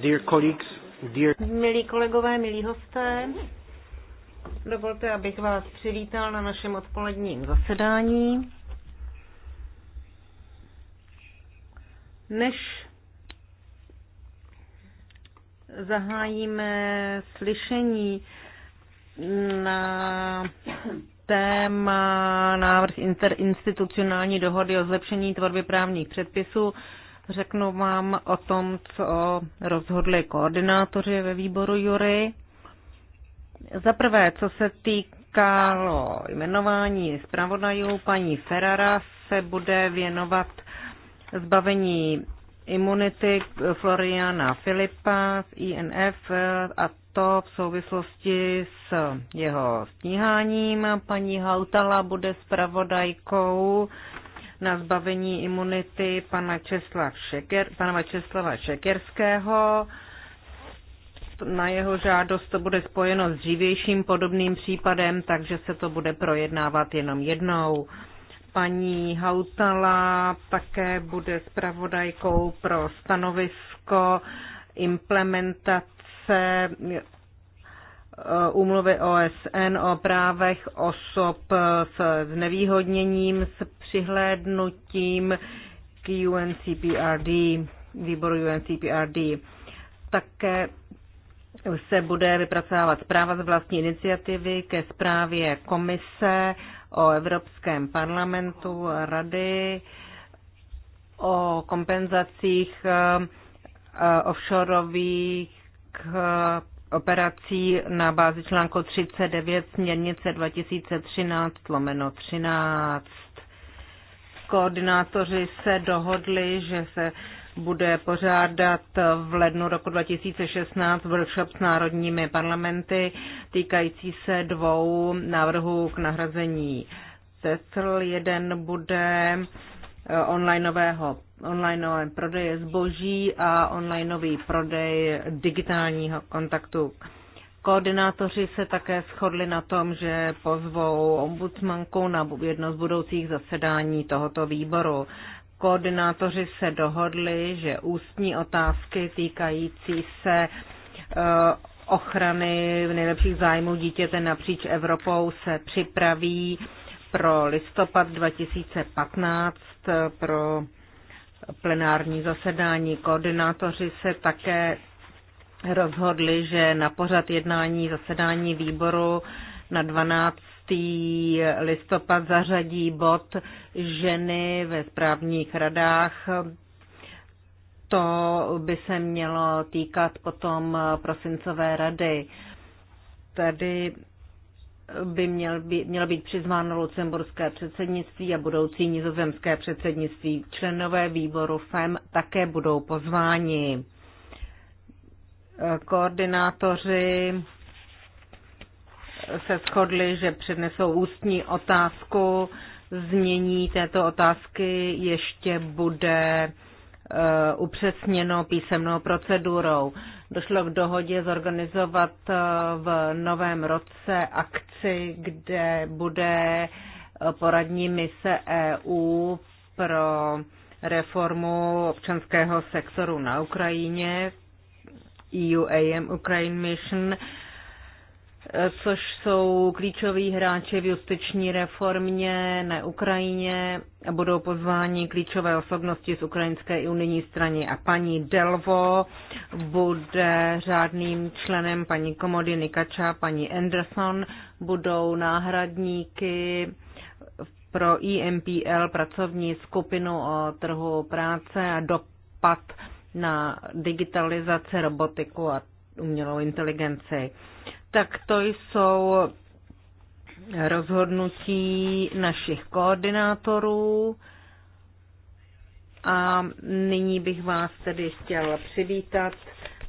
Dear colleagues, dear... Milí kolegové, milí hosté, dovolte, abych vás přivítal na našem odpoledním zasedání. Než zahájíme slyšení na téma návrh interinstitucionální dohody o zlepšení tvorby právních předpisů, Řeknu vám o tom, co rozhodli koordinátoři ve výboru Jury. Za prvé, co se týkalo jmenování zpravodajů, paní Ferrara se bude věnovat zbavení imunity Floriana Filipa z INF a to v souvislosti s jeho stíháním. Paní Hautala bude zpravodajkou na zbavení imunity pana Česlav Šeker, pana Česlava Šekerského. Na jeho žádost to bude spojeno s dřívějším podobným případem, takže se to bude projednávat jenom jednou. Paní Hautala také bude zpravodajkou pro stanovisko implementace Eh, úmluvy OSN o právech osob s znevýhodněním s přihlédnutím k UNCPRD, výboru UNCPRD. Také se bude vypracovávat zpráva z vlastní iniciativy ke zprávě komise o Evropském parlamentu, rady, o kompenzacích eh, eh, offshoreových operací na bázi článku 39 směrnice 2013 lomeno 13. Koordinátoři se dohodli, že se bude pořádat v lednu roku 2016 workshop s národními parlamenty týkající se dvou návrhů k nahrazení CECL. Jeden bude onlineového online prodeje zboží a onlineový prodej digitálního kontaktu. Koordinátoři se také shodli na tom, že pozvou ombudsmanku na jedno z budoucích zasedání tohoto výboru. Koordinátoři se dohodli, že ústní otázky týkající se eh, ochrany v nejlepších zájmů dítěte napříč Evropou se připraví pro listopad 2015 pro plenární zasedání. Koordinátoři se také rozhodli, že na pořad jednání zasedání výboru na 12. listopad zařadí bod ženy ve správních radách. To by se mělo týkat potom prosincové rady. Tady by měl být, mělo být přizváno lucemburské předsednictví a budoucí nizozemské předsednictví. Členové výboru FEM také budou pozváni. Koordinátoři se shodli, že přednesou ústní otázku. změní této otázky ještě bude eh, upřesněno písemnou procedurou došlo k dohodě zorganizovat eh, v novém roce akci, kde bude eh, poradní mise EU pro reformu občanského sektoru na Ukrajině, EU AM Ukraine Mission, což jsou klíčoví hráči v justiční reformě na Ukrajině. Budou pozváni klíčové osobnosti z ukrajinské i unijní strany a paní Delvo bude řádným členem paní Komody Nikača, paní Anderson budou náhradníky pro IMPL e pracovní skupinu o trhu práce a dopad na digitalizaci, robotiku a umělou inteligenci tak to jsou rozhodnutí našich koordinátorů. A nyní bych vás tedy chtěla přivítat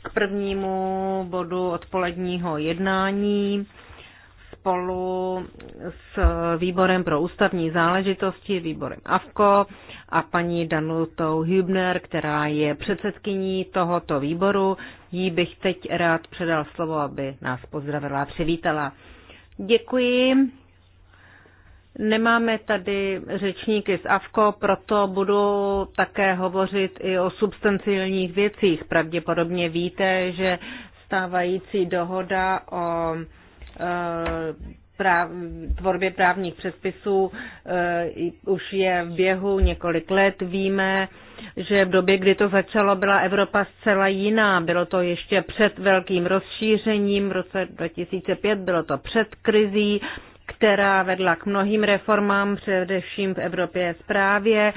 k prvnímu bodu odpoledního jednání spolu s výborem pro ústavní záležitosti, výborem AFKO a paní Danutou Hübner, která je předsedkyní tohoto výboru. Jí bych teď rád předal slovo, aby nás pozdravila a přivítala. Děkuji. Nemáme tady řečníky z AVKO, proto budu také hovořit i o substanciálních věcích. Pravděpodobně víte, že stávající dohoda o eh, práv, tvorbě právních předpisů eh, už je v běhu několik let. Víme, že v době, kdy to začalo, byla Evropa zcela jiná. Bylo to ještě před velkým rozšířením, v roce 2005 bylo to před krizí, která vedla k mnohým reformám, především v Evropě zprávě.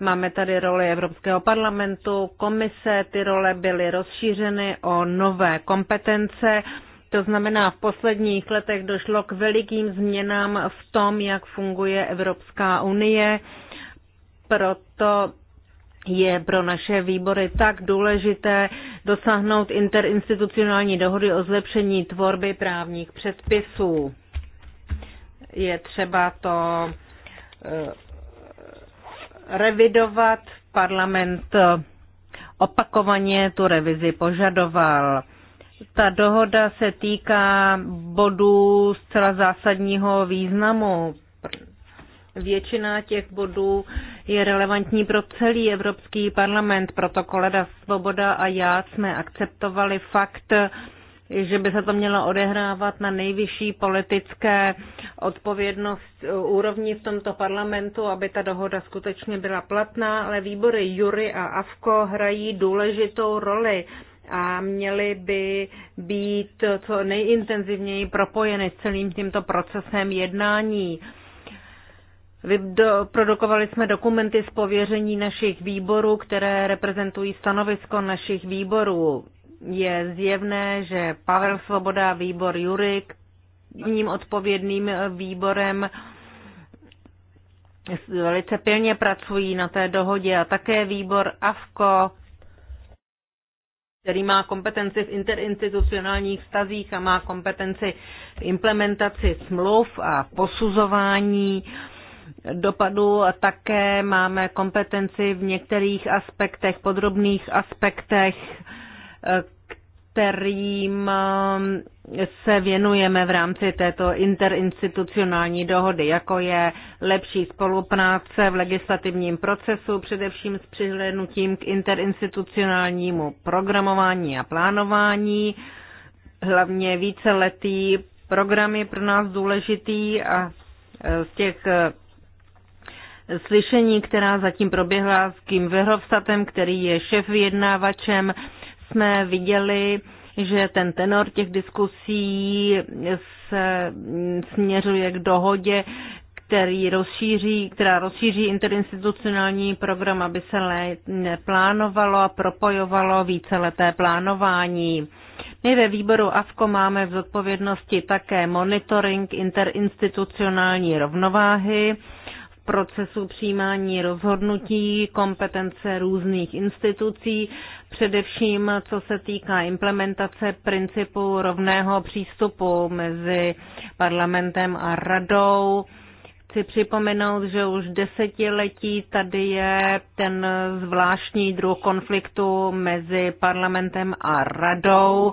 Máme tady roli Evropského parlamentu, komise, ty role byly rozšířeny o nové kompetence to znamená, v posledních letech došlo k velikým změnám v tom, jak funguje Evropská unie. Proto je pro naše výbory tak důležité dosáhnout interinstitucionální dohody o zlepšení tvorby právních předpisů. Je třeba to eh, revidovat. Parlament opakovaně tu revizi požadoval ta dohoda se týká bodů zcela zásadního významu. Většina těch bodů je relevantní pro celý Evropský parlament, proto Koleda Svoboda a já jsme akceptovali fakt, že by se to mělo odehrávat na nejvyšší politické odpovědnost eh, úrovni v tomto parlamentu, aby ta dohoda skutečně byla platná, ale výbory Jury a Avko hrají důležitou roli a měly by být co nejintenzivněji propojeny s celým tímto procesem jednání. Produkovali jsme dokumenty z pověření našich výborů, které reprezentují stanovisko našich výborů. Je zjevné, že Pavel Svoboda, výbor Jurik, ním odpovědným výborem velice pilně pracují na té dohodě a také výbor AFKO který má kompetenci v interinstitucionálních vztazích a má kompetenci v implementaci smluv a v posuzování dopadu a také máme kompetenci v některých aspektech, podrobných aspektech kterým um, se věnujeme v rámci této interinstitucionální dohody, jako je lepší spolupráce v legislativním procesu, především s přihlednutím k interinstitucionálnímu programování a plánování, hlavně víceletý program je pro nás důležitý a e, z těch e, slyšení, která zatím proběhla s Kim Verhofstadtem, který je šéf vyjednávačem, jsme viděli, že ten tenor těch diskusí se směřuje k dohodě, který rozšíří, která rozšíří interinstitucionální program, aby se neplánovalo a propojovalo víceleté plánování. My ve výboru AFKO máme v zodpovědnosti také monitoring interinstitucionální rovnováhy procesu přijímání rozhodnutí, kompetence různých institucí, především co se týká implementace principu rovného přístupu mezi parlamentem a radou. Chci připomenout, že už desetiletí tady je ten zvláštní druh konfliktu mezi parlamentem a radou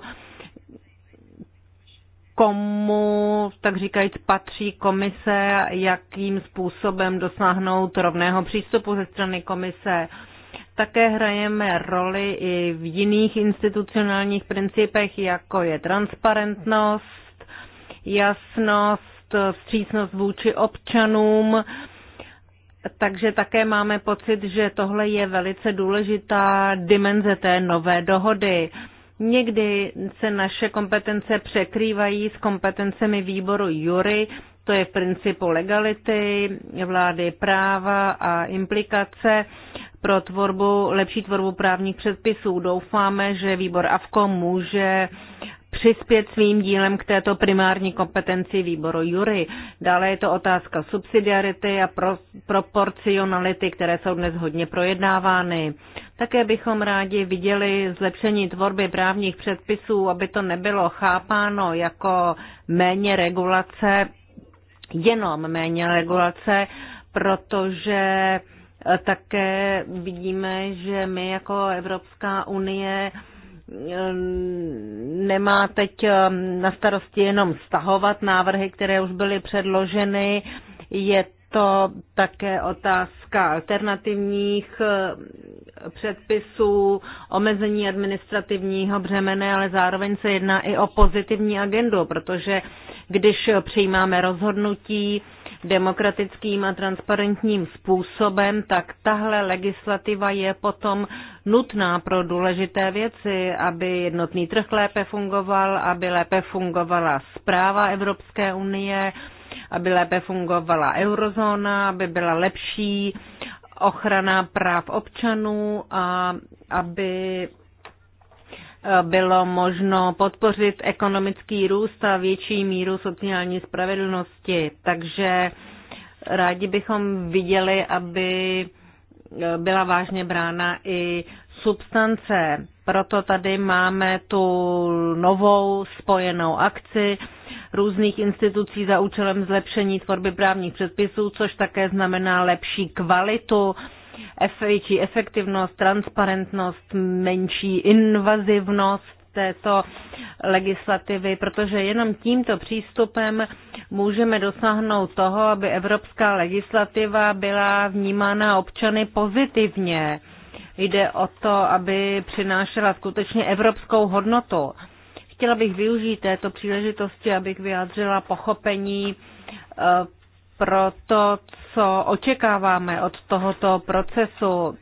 komu, tak říkajíc, patří komise, jakým způsobem dosáhnout rovného přístupu ze strany komise. Také hrajeme roli i v jiných institucionálních principech, jako je transparentnost, jasnost, vstřícnost vůči občanům. Takže také máme pocit, že tohle je velice důležitá dimenze té nové dohody. Někdy se naše kompetence překrývají s kompetencemi výboru jury, to je v principu legality, vlády práva a implikace pro tvorbu, lepší tvorbu právních předpisů. Doufáme, že výbor AVKO může přispět svým dílem k této primární kompetenci výboru jury. Dále je to otázka subsidiarity a pro, proporcionality, které jsou dnes hodně projednávány. Také bychom rádi viděli zlepšení tvorby právních předpisů, aby to nebylo chápáno jako méně regulace, jenom méně regulace, protože také vidíme, že my jako Evropská unie Ehm, nemá teď ehm, na starosti jenom stahovat návrhy, které už byly předloženy. Je to také otázka alternativních ehm, předpisů, omezení administrativního břemene, ale zároveň se jedná i o pozitivní agendu, protože když přijímáme rozhodnutí, demokratickým a transparentním způsobem, tak tahle legislativa je potom nutná pro důležité věci, aby jednotný trh lépe fungoval, aby lépe fungovala zpráva Evropské unie, aby lépe fungovala eurozóna, aby byla lepší ochrana práv občanů a aby bylo možno podpořit ekonomický růst a větší míru sociální spravedlnosti. Takže rádi bychom viděli, aby byla vážně brána i substance. Proto tady máme tu novou spojenou akci různých institucí za účelem zlepšení tvorby právních předpisů, což také znamená lepší kvalitu větší efektivnost, transparentnost, menší invazivnost této legislativy, protože jenom tímto přístupem můžeme dosáhnout toho, aby evropská legislativa byla vnímána občany pozitivně. Jde o to, aby přinášela skutečně evropskou hodnotu. Chtěla bych využít této příležitosti, abych vyjádřila pochopení eh, pro to, co očekáváme od tohoto procesu.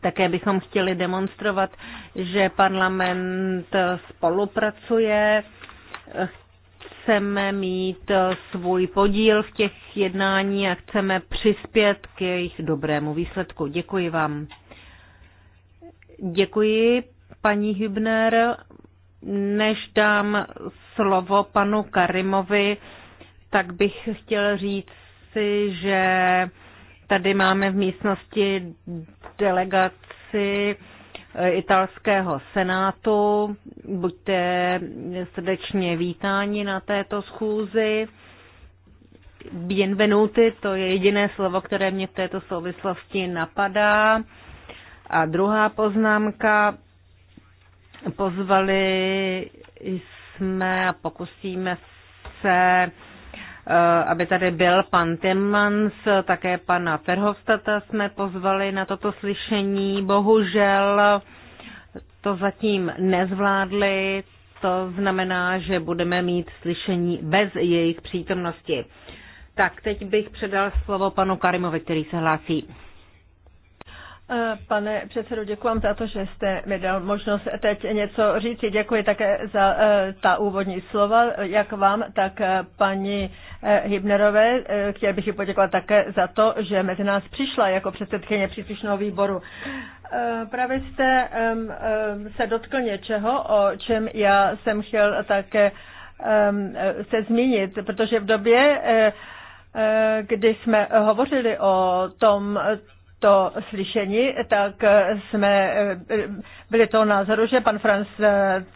Také bychom chtěli demonstrovat, že parlament spolupracuje, chceme mít svůj podíl v těch jednání a chceme přispět k jejich dobrému výsledku. Děkuji vám. Děkuji, paní Hübner. Než dám slovo panu Karimovi, tak bych chtěl říct si, že tady máme v místnosti delegaci eh, italského senátu. Buďte srdečně vítáni na této schůzi. Bienvenuti, to je jediné slovo, které mě v této souvislosti napadá. A druhá poznámka, pozvali jsme a pokusíme se Eh, aby tady byl pan Timmans, také pana Ferhovstata jsme pozvali na toto slyšení. Bohužel to zatím nezvládli, to znamená, že budeme mít slyšení bez jejich přítomnosti. Tak, teď bych předal slovo panu Karimovi, který se hlásí. Pane předsedo, děkuji vám za to, že jste mi dal možnost teď něco říct. Děkuji také za e, ta úvodní slova, jak vám, tak e, paní e, Hibnerové. Chtěl bych ji poděkovat také za to, že mezi nás přišla jako předsedkyně příslušného výboru. Právě jste se dotkl něčeho, o čem já jsem chtěl také se zmínit, protože v době, kdy jsme hovořili o tom, to slyšení, tak jsme byli toho názoru, že pan Franz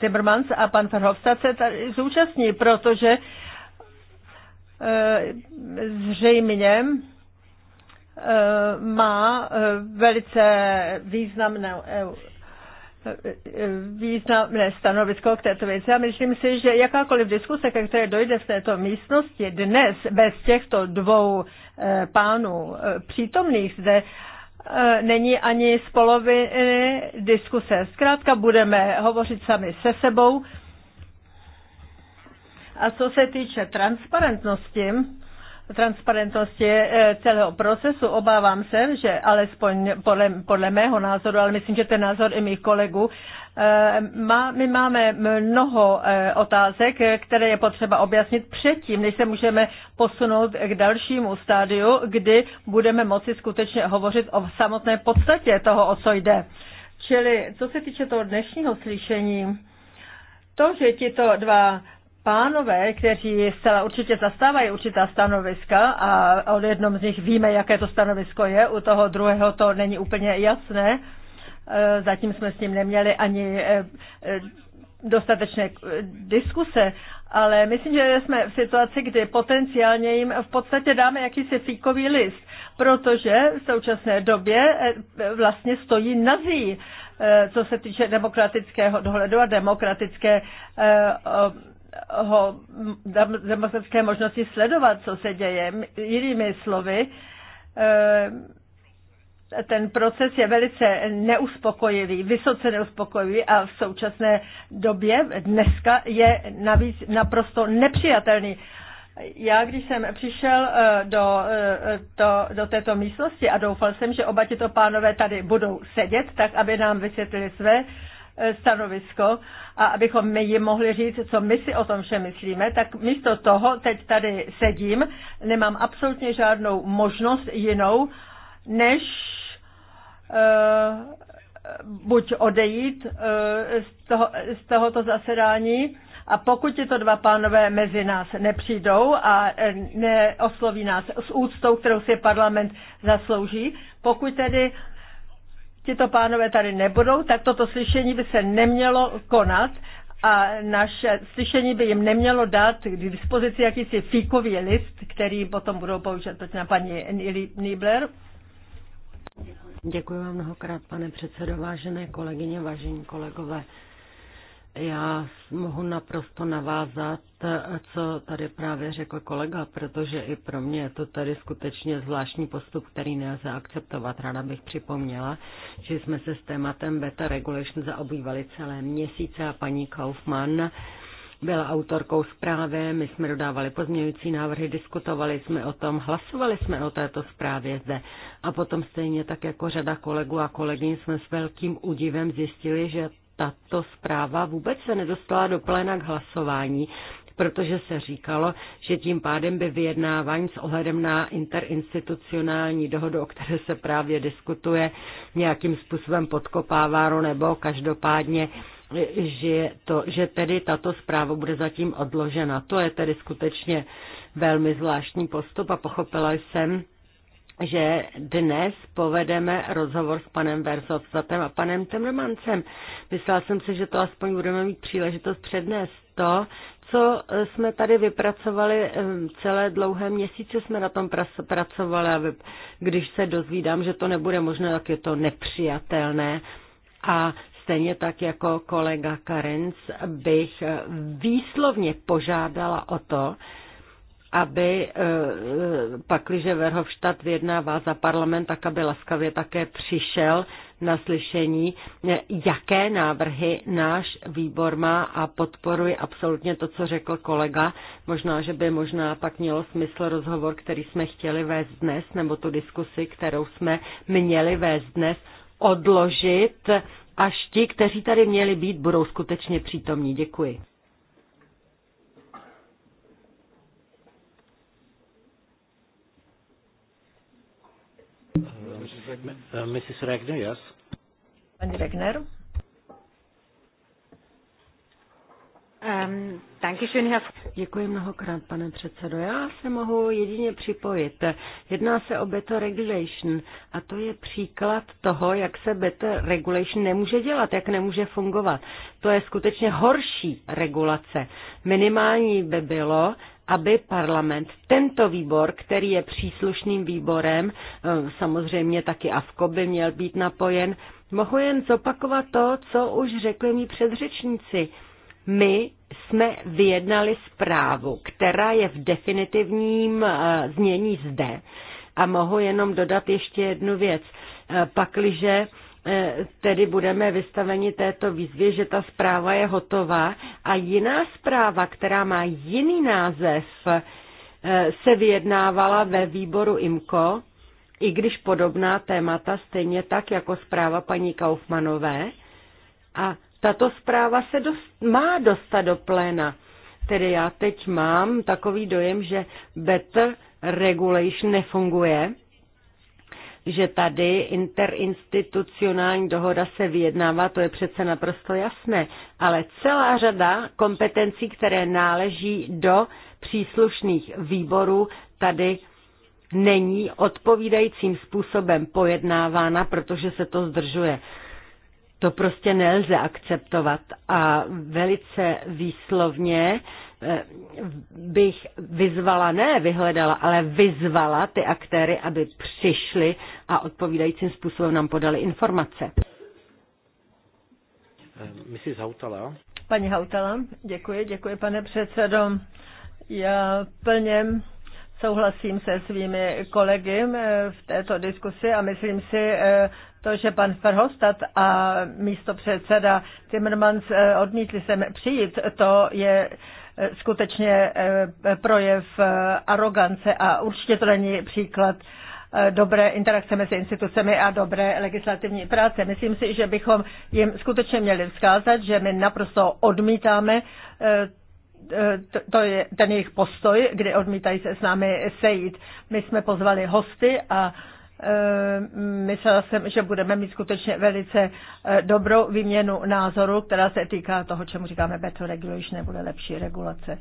Timmermans a pan Verhofstadt se tady zúčastní, protože eh, zřejmě eh, má eh, velice významné významné stanovisko k této věci a myslím si, že jakákoliv diskuse, ke které dojde v této místnosti dnes bez těchto dvou pánů přítomných zde, E, není ani z poloviny diskuse. Zkrátka budeme hovořit sami se sebou. A co se týče transparentnosti, transparentnosti e, celého procesu, obávám se, že alespoň podle, podle mého názoru, ale myslím, že ten názor i mých kolegů, Eh, má, my máme mnoho eh, otázek, které je potřeba objasnit předtím, než se můžeme posunout k dalšímu stádiu, kdy budeme moci skutečně hovořit o samotné podstatě toho, o co jde. Čili co se týče toho dnešního slyšení, to, že tito dva pánové, kteří zcela určitě zastávají určitá stanoviska a o jednom z nich víme, jaké to stanovisko je, u toho druhého to není úplně jasné, Eh, zatím jsme s ním neměli ani eh, dostatečné eh, diskuse, ale myslím, že jsme v situaci, kdy potenciálně jim v podstatě dáme jakýsi fíkový list, protože v současné době vlastně stojí nazí, co se týče demokratického dohledu a demokratické ho, demokratické možnosti sledovat, co se děje. Jinými slovy, ten proces je velice neuspokojivý, vysoce neuspokojivý a v současné době dneska je navíc naprosto nepřijatelný. Já, když jsem přišel eh, do, eh, to, do této místnosti a doufal jsem, že oba tyto pánové tady budou sedět, tak aby nám vysvětlili své eh, stanovisko a abychom my jim mohli říct, co my si o tom vše myslíme, tak místo toho teď tady sedím, nemám absolutně žádnou možnost jinou, než eh, buď odejít eh, z, toho, z tohoto zasedání a pokud tyto dva pánové mezi nás nepřijdou a eh, neosloví nás s úctou, kterou si parlament zaslouží, pokud tedy tito pánové tady nebudou, tak toto slyšení by se nemělo konat a naše slyšení by jim nemělo dát k dispozici jakýsi fíkový list, který potom budou použít na paní Nibler. Děkuji vám mnohokrát, pane předsedo, vážené kolegyně, vážení kolegové. Já mohu naprosto navázat, co tady právě řekl kolega, protože i pro mě je to tady skutečně zvláštní postup, který nelze akceptovat. Ráda bych připomněla, že jsme se s tématem beta regulation zaobývali celé měsíce a paní Kaufmann byla autorkou zprávy, my jsme dodávali pozměňující návrhy, diskutovali jsme o tom, hlasovali jsme o této zprávě zde. A potom stejně tak jako řada kolegů a kolegyň jsme s velkým údivem zjistili, že tato zpráva vůbec se nedostala do pléna k hlasování, protože se říkalo, že tím pádem by vyjednávání s ohledem na interinstitucionální dohodu, o které se právě diskutuje, nějakým způsobem podkopávalo nebo každopádně že, to, že tedy tato zpráva bude zatím odložena. To je tedy skutečně velmi zvláštní postup a pochopila jsem, že dnes povedeme rozhovor s panem Versovstatem a panem Temrmancem. Myslela jsem si, že to aspoň budeme mít příležitost přednést to, co jsme tady vypracovali eh, celé dlouhé měsíce, jsme na tom pracovali a když se dozvídám, že to nebude možné, tak je to nepřijatelné. A Stejně tak jako kolega Karenc bych výslovně požádala o to, aby e, e, pakliže Verhofstadt vyjednává za parlament, tak aby laskavě také přišel na slyšení, e, jaké návrhy náš výbor má a podporuji absolutně to, co řekl kolega. Možná, že by možná pak mělo smysl rozhovor, který jsme chtěli vést dnes, nebo tu diskusi, kterou jsme měli vést dnes, odložit až ti, kteří tady měli být, budou skutečně přítomní. Děkuji. Uh, uh, Mrs. Regner, yes. Pani Regner. Ehm, Děkuji mnohokrát, pane předsedo. Já se mohu jedině připojit. Jedná se o better regulation a to je příklad toho, jak se better regulation nemůže dělat, jak nemůže fungovat. To je skutečně horší regulace. Minimální by bylo, aby parlament, tento výbor, který je příslušným výborem, eh, samozřejmě taky AFKO by měl být napojen, mohu jen zopakovat to, co už řekli mý předřečníci – my jsme vyjednali zprávu, která je v definitivním eh, znění zde. A mohu jenom dodat ještě jednu věc. Eh, pakliže eh, tedy budeme vystaveni této výzvě, že ta zpráva je hotová a jiná zpráva, která má jiný název, se vyjednávala ve výboru IMCO, i když podobná témata, stejně tak jako zpráva paní Kaufmanové. A tato zpráva se dost, má dostat do pléna. Tedy já teď mám takový dojem, že better regulation nefunguje, že tady interinstitucionální dohoda se vyjednává, to je přece naprosto jasné, ale celá řada kompetencí, které náleží do příslušných výborů, tady není odpovídajícím způsobem pojednávána, protože se to zdržuje. To prostě nelze akceptovat a velice výslovně eh, bych vyzvala, ne vyhledala, ale vyzvala ty aktéry, aby přišli a odpovídajícím způsobem nám podali informace. Eh, Mrs. Hautala. Paní Hautala, děkuji, děkuji pane předsedo. Já plně souhlasím se svými kolegy eh, v této diskusi a myslím si, to, že pan Verhofstadt a místo předseda Timmermans eh, odmítli sem přijít, to je eh, skutečně eh, projev arogance a určitě to není příklad dobré interakce mezi institucemi a dobré legislativní práce. Myslím si, že bychom jim skutečně měli vzkázat, že my naprosto odmítáme to je ten jejich postoj, kdy odmítají se s námi sejít. My jsme pozvali hosty a Ehm, myslela jsem, že budeme mít skutečně velice e, dobrou výměnu názoru, která se týká toho, čemu říkáme better regulation, nebude lepší regulace.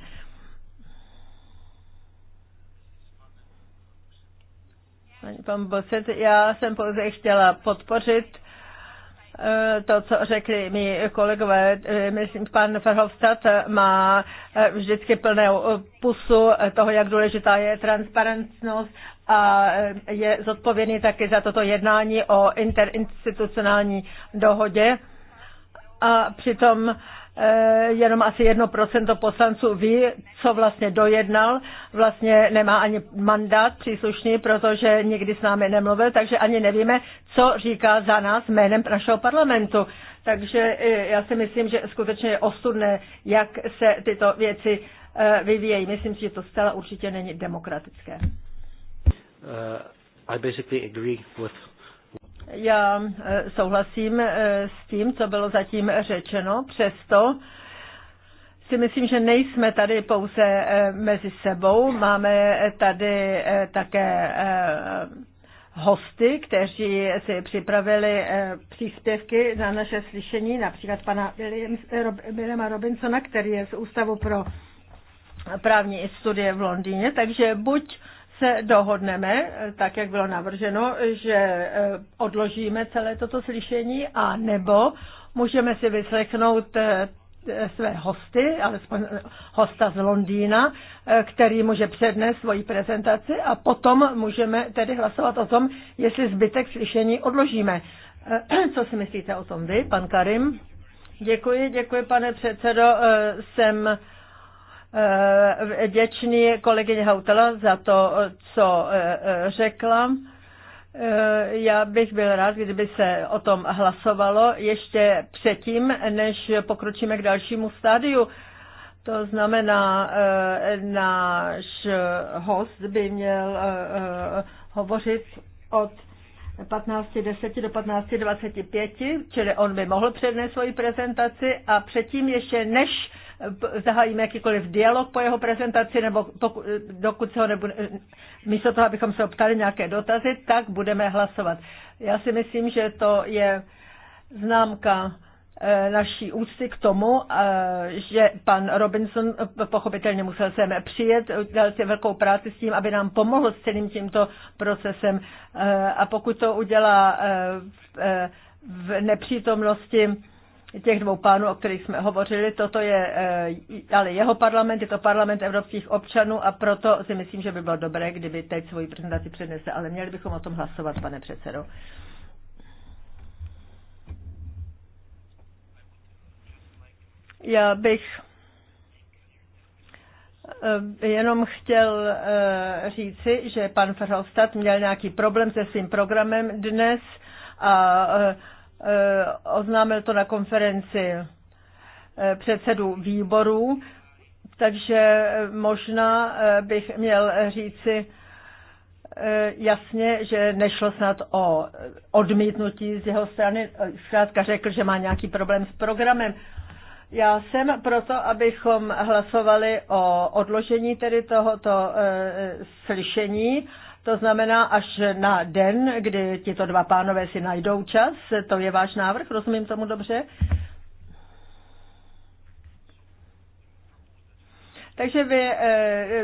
pan Bosset, já jsem pouze chtěla podpořit e, to, co řekli mi kolegové, e, myslím, pan Verhofstadt má vždycky plnou pusu toho, jak důležitá je transparentnost a je zodpovědný taky za toto jednání o interinstitucionální dohodě. A přitom e, jenom asi jedno procento poslanců ví, co vlastně dojednal. Vlastně nemá ani mandát příslušný, protože nikdy s námi nemluvil, takže ani nevíme, co říká za nás jménem našeho parlamentu. Takže e, já si myslím, že skutečně je ostudné, jak se tyto věci e, vyvíjejí. Myslím si, že to zcela určitě není demokratické. Uh, I basically agree with já uh, souhlasím uh, s tím, co bylo zatím řečeno, přesto si myslím, že nejsme tady pouze mezi sebou, máme tady také hosty, kteří si připravili příspěvky na naše slyšení, například pana eh, Williama Robinsona, který je z Ústavu pro právní studie v Londýně, takže buď se dohodneme, tak jak bylo navrženo, že eh, odložíme celé toto slyšení a nebo můžeme si vyslechnout eh, své hosty, alespoň hosta z Londýna, eh, který může přednést svoji prezentaci a potom můžeme tedy hlasovat o tom, jestli zbytek slyšení odložíme. Co si myslíte o tom vy, pan Karim? Děkuji, děkuji, pane předsedo. Jsem Eh, vděčný kolegyně Hautala za to, co eh, řekla. Eh, já bych byl rád, kdyby se o tom hlasovalo ještě předtím, než pokročíme k dalšímu stádiu. To znamená, náš host by měl hovořit od 15.10 do 15.25, čili on by mohl přednést svoji prezentaci a předtím ještě než zahájíme jakýkoliv dialog po jeho prezentaci, nebo poku, dokud se ho nebude, místo toho, abychom se optali nějaké dotazy, tak budeme hlasovat. Já si myslím, že to je známka eh, naší úcty k tomu, eh, že pan Robinson eh, pochopitelně musel sem přijet, udělal si velkou práci s tím, aby nám pomohl s celým tímto procesem. A pokud to udělá v nepřítomnosti těch dvou pánů, o kterých jsme hovořili. Toto je eh, ale jeho parlament, je to parlament evropských občanů a proto si myslím, že by bylo dobré, kdyby teď svoji prezentaci přednesl, ale měli bychom o tom hlasovat, pane předsedo. Já bych eh, jenom chtěl eh, říci, že pan Verhofstadt měl nějaký problém se svým programem dnes a Eh, oznámil to na konferenci eh, předsedu výborů, takže eh, možná bych měl říci jasně, že nešlo snad o odmítnutí z jeho strany. Zkrátka řekl, že má nějaký problém s programem. Já jsem proto, abychom hlasovali o odložení tedy tohoto e, slyšení to znamená až na den, kdy tito dva pánové si najdou čas. To je váš návrh, rozumím tomu dobře? Takže vy e,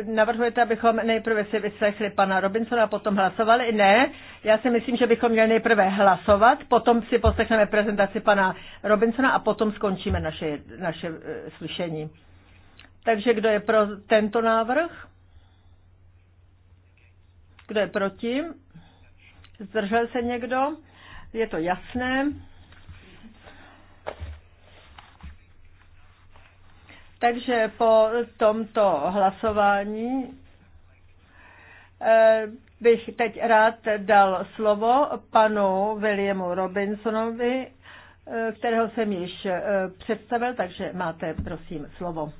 navrhujete, abychom nejprve si vyslechli pana Robinsona a potom hlasovali? Ne, já si myslím, že bychom měli nejprve hlasovat, potom si poslechneme prezentaci pana Robinsona a potom skončíme naše, naše e, slyšení. Takže kdo je pro tento návrh? Kdo je proti? Zdržel se někdo? Je to jasné. Takže po tomto hlasování eh, bych teď rád dal slovo panu Williamu Robinsonovi, eh, kterého jsem již eh, představil, takže máte, prosím, slovo.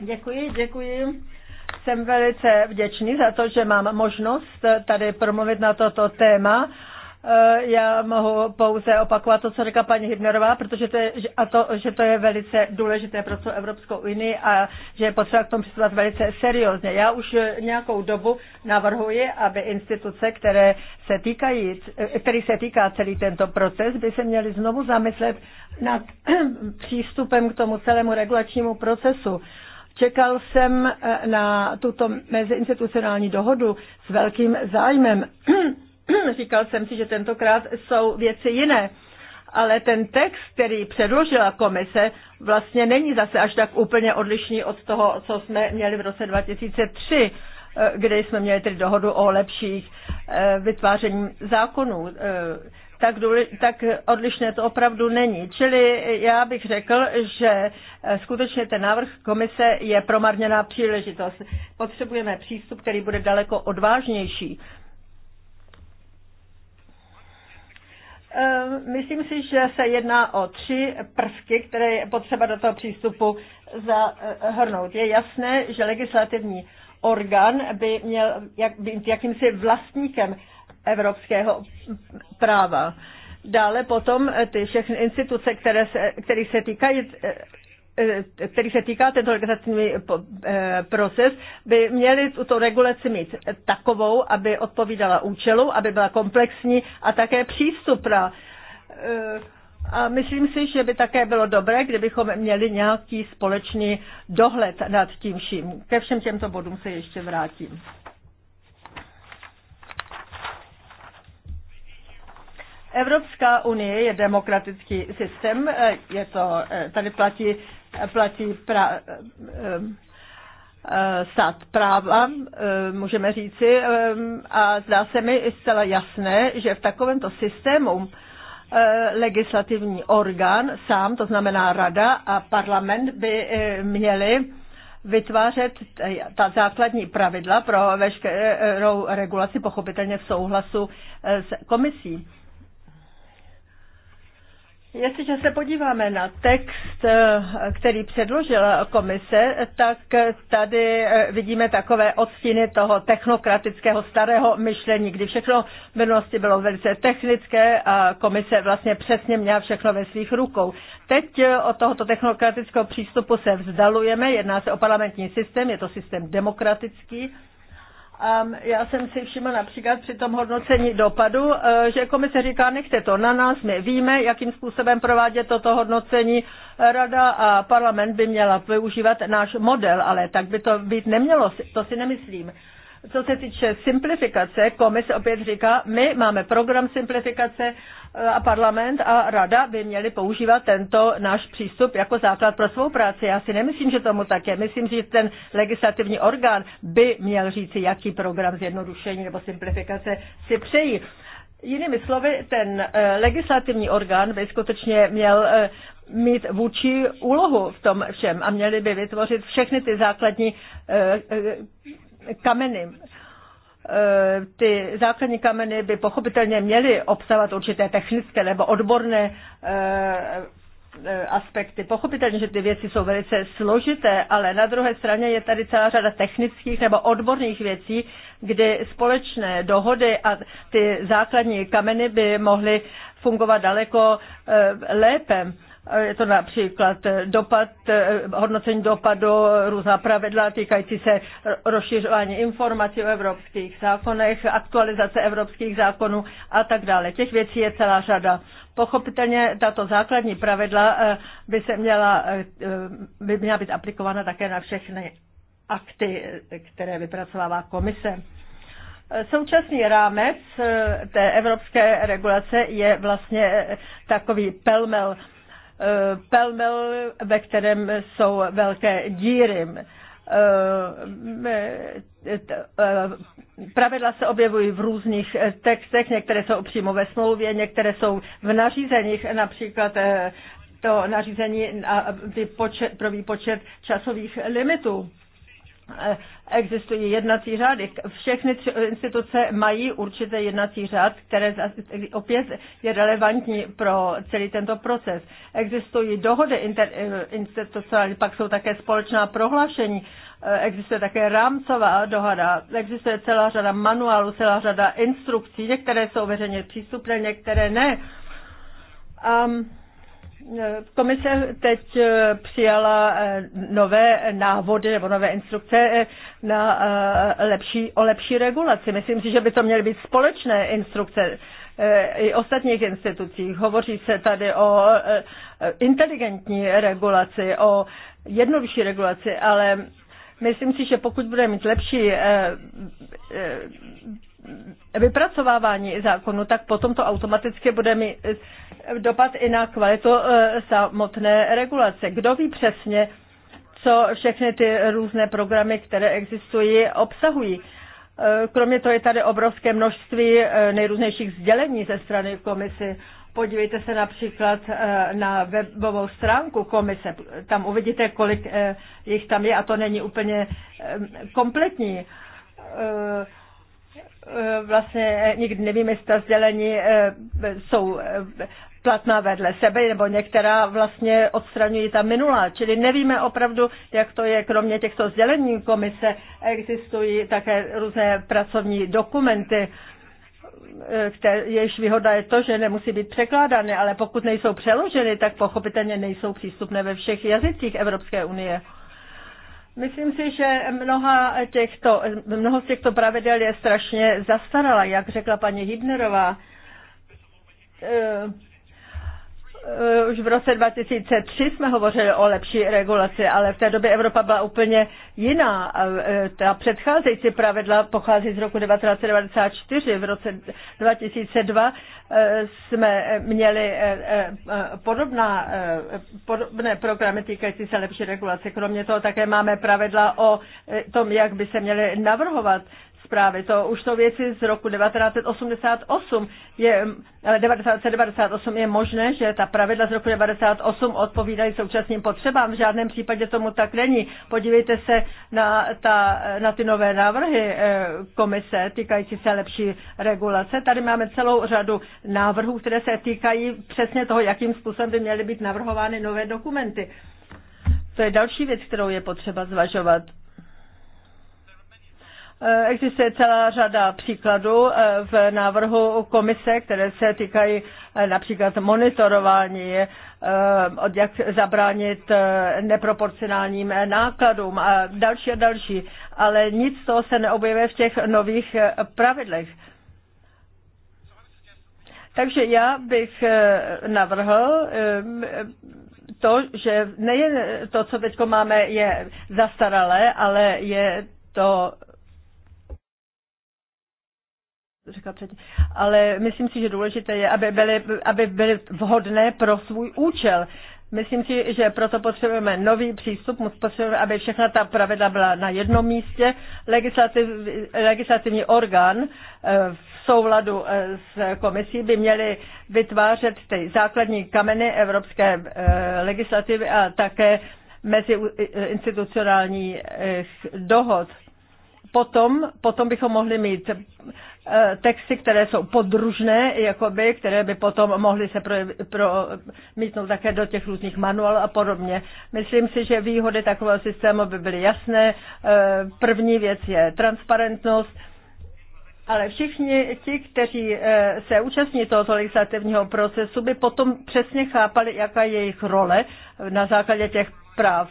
Děkuji, děkuji. Jsem velice vděčný za to, že mám možnost tady promluvit na toto téma. Eh, já mohu pouze opakovat to, co řekla paní Hybnerová, protože to je, a to, že to je velice důležité pro celou Evropskou unii a že je potřeba k tomu přistupovat velice seriózně. Já už nějakou dobu navrhuji, aby instituce, které se týkají, eh, který se týká celý tento proces, by se měly znovu zamyslet nad přístupem k tomu celému regulačnímu procesu Čekal jsem eh, na tuto meziinstitucionální dohodu s velkým zájmem. Říkal jsem si, že tentokrát jsou věci jiné. Ale ten text, který předložila komise, vlastně není zase až tak úplně odlišný od toho, co jsme měli v roce 2003, eh, kde jsme měli tedy dohodu o lepších eh, vytváření zákonů tak, důle, tak odlišné to opravdu není. Čili já bych řekl, že eh, skutečně ten návrh komise je promarněná příležitost. Potřebujeme přístup, který bude daleko odvážnější. Eh, myslím si, že se jedná o tři prvky, které je potřeba do toho přístupu zahrnout. Je jasné, že legislativní orgán by měl jak, být jakýmsi vlastníkem evropského práva. Dále potom eh, ty všechny instituce, které se, které se týkají eh, eh, který se týká tento legislativní proces, by měli tuto regulaci mít takovou, aby odpovídala účelu, aby byla komplexní a také přístupná. A myslím si, že by také bylo dobré, kdybychom měli nějaký společný dohled nad tím vším. Ke všem těmto bodům se ještě vrátím. Evropská unie je demokratický systém, eh, je to, eh, tady platí, platí pra, eh, stát práva, můžeme říci, a zdá se mi zcela jasné, že v takovémto systému legislativní orgán sám, to znamená rada a parlament by měli vytvářet ta základní pravidla pro veškerou regulaci, pochopitelně v souhlasu s komisí. Jestliže se podíváme na text, eh, který předložila komise, tak tady eh, vidíme takové odstíny toho technokratického starého myšlení, kdy všechno v minulosti bylo velice technické a komise vlastně přesně měla všechno ve svých rukou. Teď eh, od tohoto technokratického přístupu se vzdalujeme, jedná se o parlamentní systém, je to systém demokratický, Um, já jsem si všimla například při tom hodnocení dopadu, uh, že komise říká, nechte to na nás, my víme, jakým způsobem provádět toto hodnocení. Rada a parlament by měla využívat náš model, ale tak by to být nemělo, to si nemyslím. Uh, co se týče simplifikace, komise opět říká, my máme program simplifikace eh, a parlament a rada by měli používat tento náš přístup jako základ pro svou práci. Já si nemyslím, že tomu tak je. Myslím, že ten legislativní orgán by měl říci, jaký program zjednodušení nebo simplifikace si přejí. Jinými slovy, ten eh, legislativní orgán by skutečně měl eh, mít vůči úlohu v tom všem a měli by vytvořit všechny ty základní kameny. E, ty základní kameny by pochopitelně měly obsahovat určité technické nebo odborné e, e, aspekty. Pochopitelně, že ty věci jsou velice složité, ale na druhé straně je tady celá řada technických nebo odborných věcí, kdy společné dohody a ty základní kameny by mohly fungovat daleko lépe. Eh, je to například eh, dopad, eh, hodnocení dopadu, různá pravidla týkající se rozšiřování informací o evropských zákonech, aktualizace evropských zákonů a tak dále. Těch věcí je celá řada. Pochopitelně tato základní pravidla by se měla, by měla být aplikována také na všechny akty, které vypracovává komise. Současný rámec té evropské regulace je vlastně takový pelmel pelmel, ve kterém jsou velké díry. Pravidla se objevují v různých textech, některé jsou přímo ve smlouvě, některé jsou v nařízeních, například to nařízení pro výpočet časových limitů Eh, existují jednací řády. Všechny tři instituce mají určité jednací řád, které opět je relevantní pro celý tento proces. Existují dohody interinstitucionální, eh, pak jsou také společná prohlášení, eh, existuje také rámcová dohoda, existuje celá řada manuálů, celá řada instrukcí, některé jsou veřejně přístupné, některé ne. Um, Komise teď eh, přijala eh, nové návody nebo nové instrukce eh, na lepší, o lepší regulaci. Myslím si, že by to měly být společné instrukce i ostatních institucích. Hovoří se tady o inteligentní regulaci, o jednodušší regulaci, ale myslím si, že pokud budeme mít lepší vypracovávání zákonu, tak potom to automaticky bude mít eh, dopad i na kvalitu eh, samotné regulace. Kdo ví přesně, co všechny ty různé programy, které existují, obsahují. Eh, kromě toho je tady obrovské množství nejrůznějších sdělení ze strany komisy. Podívejte se například na webovou stránku komise. Tam uvidíte, kolik jich tam je a to není úplně kompletní Eh, vlastně eh, nikdy nevím, jestli ta sdělení eh, jsou platná vedle sebe, nebo některá vlastně odstraňují ta minulá. Čili nevíme opravdu, jak to je. Kromě těchto sdělení komise existují také různé pracovní dokumenty, jejichž výhoda je to, že nemusí být překládány, ale pokud nejsou přeloženy, tak pochopitelně nejsou přístupné ve všech jazycích Evropské unie. Myslím si, že mnoha těchto, mnoho z těchto pravidel je strašně zastarala, jak řekla paní Hibnerová. Eh, eh, už v roce 2003 jsme hovořili o lepší regulaci, ale v té době Evropa byla úplně jiná. Eh, ta předcházející pravidla pochází z roku 1994. V roce 2002 Eh, jsme eh, měli eh, podobná, podobné programy týkající se lepší regulace. Kromě toho také máme pravidla o tom, jak by se měly navrhovat zprávy. To už jsou věci z roku 1988. Je, 1998 eh, je možné, že ta pravidla z roku 1998 odpovídají současným potřebám. V žádném případě tomu tak není. Podívejte se na, ta, eh, na ty nové návrhy eh, komise týkající se lepší regulace. Tady máme celou řadu návrhů, které se týkají přesně toho, jakým způsobem by měly být navrhovány nové dokumenty. To je další věc, kterou je potřeba zvažovat. Eh, existuje celá řada příkladů eh, v návrhu komise, které se týkají eh, například monitorování, od jak zabránit neproporcionálním nákladům a další a další. Ale nic z toho se neobjevuje v těch nových pravidlech. Takže já bych navrhl to, že nejen to, co teď máme, je zastaralé, ale je to řekla předtím. Ale myslím si, že důležité je, aby byly, aby byly vhodné pro svůj účel. Myslím si, že proto potřebujeme nový přístup, potřebujeme, aby všechna ta pravidla byla na jednom místě. Legislativ, legislativní orgán eh, v souladu eh, s komisí by měli vytvářet ty základní kameny evropské eh, legislativy a také mezi institucionálních dohod potom, potom bychom mohli mít Eh, texty, které jsou podružné, jakoby, které by potom mohly se promítnout pro, také do těch různých manuálů a podobně. Myslím si, že výhody takového systému by byly jasné. Eh, první věc je transparentnost, ale všichni ti, kteří eh, se účastní tohoto legislativního procesu, by potom přesně chápali, jaká je jejich role na základě těch práv.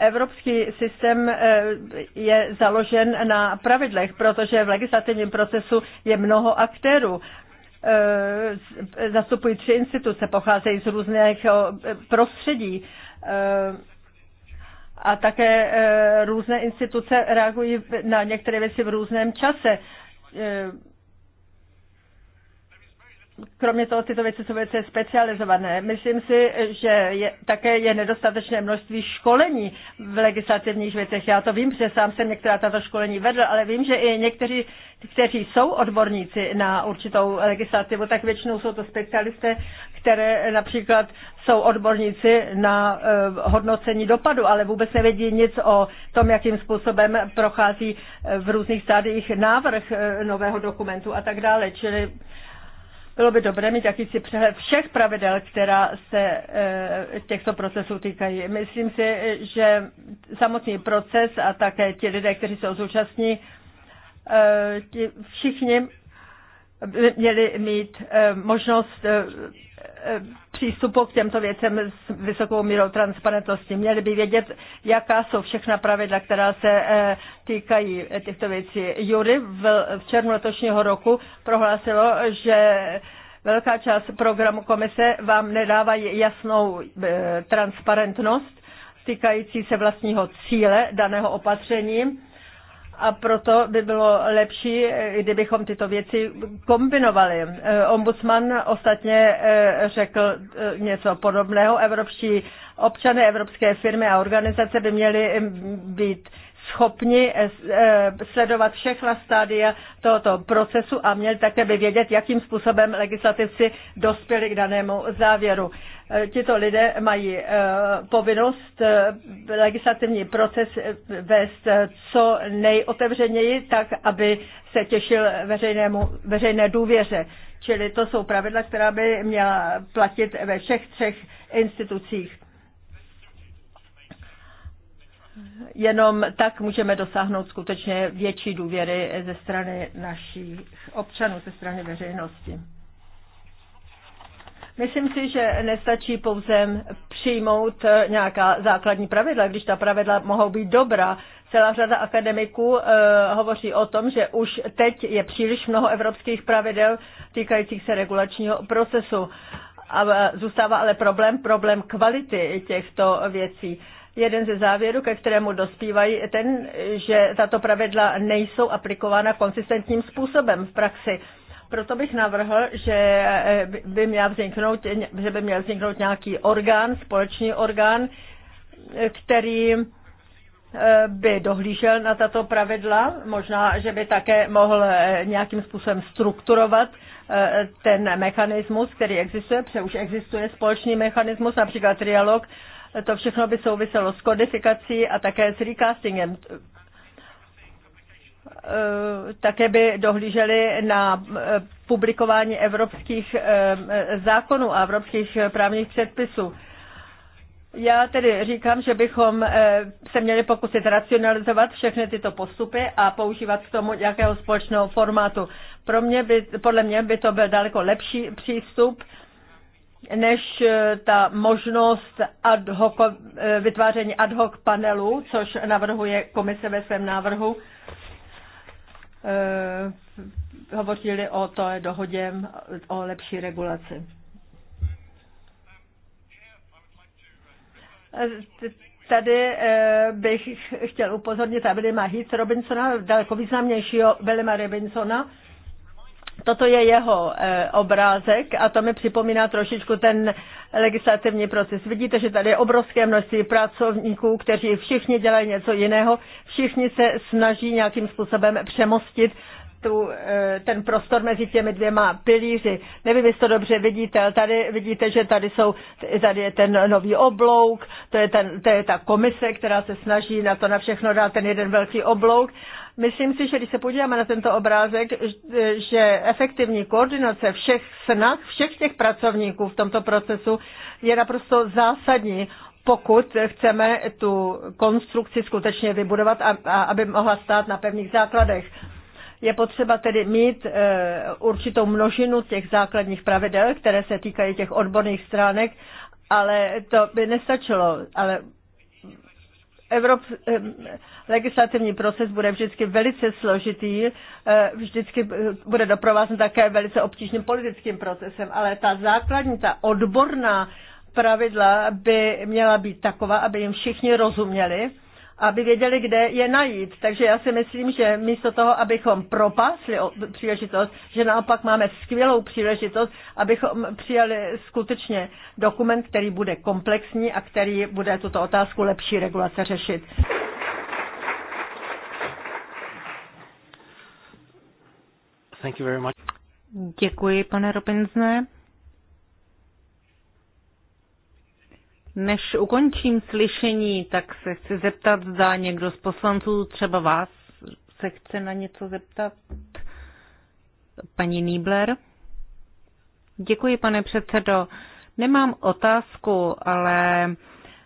Evropský systém eh, je založen na pravidlech, protože v legislativním procesu je mnoho aktérů eh, zastupují tři instituce, pocházejí z různých eh, prostředí a také různé instituce reagují na některé věci v různém čase kromě toho tyto věci jsou věci specializované. Myslím si, že je, také je nedostatečné množství školení v legislativních věcech. Já to vím, že sám jsem některá tato školení vedl, ale vím, že i někteří, kteří jsou odborníci na určitou legislativu, tak většinou jsou to specialisté, které například jsou odborníci na uh, hodnocení dopadu, ale vůbec nevědí nic o tom, jakým způsobem prochází eh, v různých stádiích návrh uh, nového dokumentu a tak dále. Čili uh, bylo by dobré mít jakýsi přehled všech pravidel, která se eh, těchto procesů týkají. Myslím si, že samotný proces a také ti lidé, kteří jsou zúčastní, eh, ti všichni měli mít eh, možnost přístupu k těmto věcem s vysokou mírou transparentnosti. Měli by vědět, jaká jsou všechna pravidla, která se eh, týkají těchto věcí. Jury v červnu letošního roku prohlásilo, že velká část programu komise vám nedávají jasnou eh, transparentnost týkající se vlastního cíle daného opatření a proto by bylo lepší, kdybychom tyto věci kombinovali. Eh, ombudsman ostatně eh, řekl eh, něco podobného. Evropští občané, evropské firmy a organizace by měly mm, být schopni eh, eh, sledovat všechna stádia tohoto procesu a měli také by vědět, jakým způsobem legislativci dospěli k danému závěru. Eh, tito lidé mají povinnost legislativní proces vést co nejotevřeněji, tak aby se těšil veřejnému, veřejné důvěře. Čili to jsou pravidla, která by měla platit ve všech třech institucích. Jenom tak můžeme dosáhnout skutečně větší důvěry ze strany našich občanů, ze strany veřejnosti. Myslím si, že nestačí pouze přijmout eh, nějaká základní pravidla, když ta pravidla mohou být dobrá. Celá řada akademiků e, hovoří o tom, že už teď je příliš mnoho evropských pravidel týkajících se regulačního procesu. A eh, zůstává ale problém, problém kvality těchto věcí. E, Jeden ze závěrů, ke kterému dospívají, je ten, že tato pravidla nejsou aplikována konsistentním způsobem v praxi. Proto bych navrhl, že eh, by měl vzniknout, že by měl vzniknout nějaký orgán, společný orgán, eh, který eh, by dohlížel na tato pravidla, možná, že by také mohl nějakým způsobem strukturovat ten mechanismus, který existuje, protože už existuje společný mechanismus, například trialog to všechno by souviselo s kodifikací a také s recastingem eh, také by dohlíželi na eh, publikování evropských eh, zákonů a evropských právních předpisů. Já tedy říkám, že bychom se měli pokusit racionalizovat všechny tyto postupy a používat k tomu nějakého společného formátu. Pro mě by, podle mě by to byl daleko lepší přístup, než eh, ta možnost ad hoc, eh, vytváření ad hoc panelu, což navrhuje komise ve svém návrhu. Eh, hovořili o to dohodě o lepší regulaci. Tady bych chtěl upozornit Abelima Heath Robinsona, daleko významnějšího Belema Robinsona, Toto je jeho eh, obrázek a to mi připomíná trošičku ten legislativní proces. Vidíte, že tady je obrovské množství pracovníků, kteří všichni dělají něco jiného, všichni se snaží nějakým způsobem přemostit tu, eh, ten prostor mezi těmi dvěma pilíři. Nevím, jestli to dobře vidíte, ale tady vidíte, že tady, jsou, tady je ten nový oblouk, to je, ten, to je ta komise, která se snaží na to na všechno dát ten jeden velký oblouk Myslím si, že když se podíváme na tento obrázek, že efektivní koordinace všech snah, všech těch pracovníků v tomto procesu je naprosto zásadní, pokud chceme tu konstrukci skutečně vybudovat, a, a aby mohla stát na pevných základech. Je potřeba tedy mít e, určitou množinu těch základních pravidel, které se týkají těch odborných stránek, ale to by nestačilo. Ale Evrop, legislativní proces bude vždycky velice složitý, eh, vždycky eh, bude doprovázen také velice obtížným politickým procesem, ale ta základní, ta odborná pravidla by měla být taková, aby jim všichni rozuměli aby věděli, kde je najít. Takže já si myslím, že místo toho, abychom propásli příležitost, že naopak máme skvělou příležitost, abychom přijali skutečně dokument, který bude komplexní a který bude tuto otázku lepší regulace řešit. Thank you very much. Děkuji, pane Robinsne. Než ukončím slyšení, tak se chci zeptat, zda někdo z poslanců, třeba vás, se chce na něco zeptat. Paní Niebler. Děkuji, pane předsedo. Nemám otázku, ale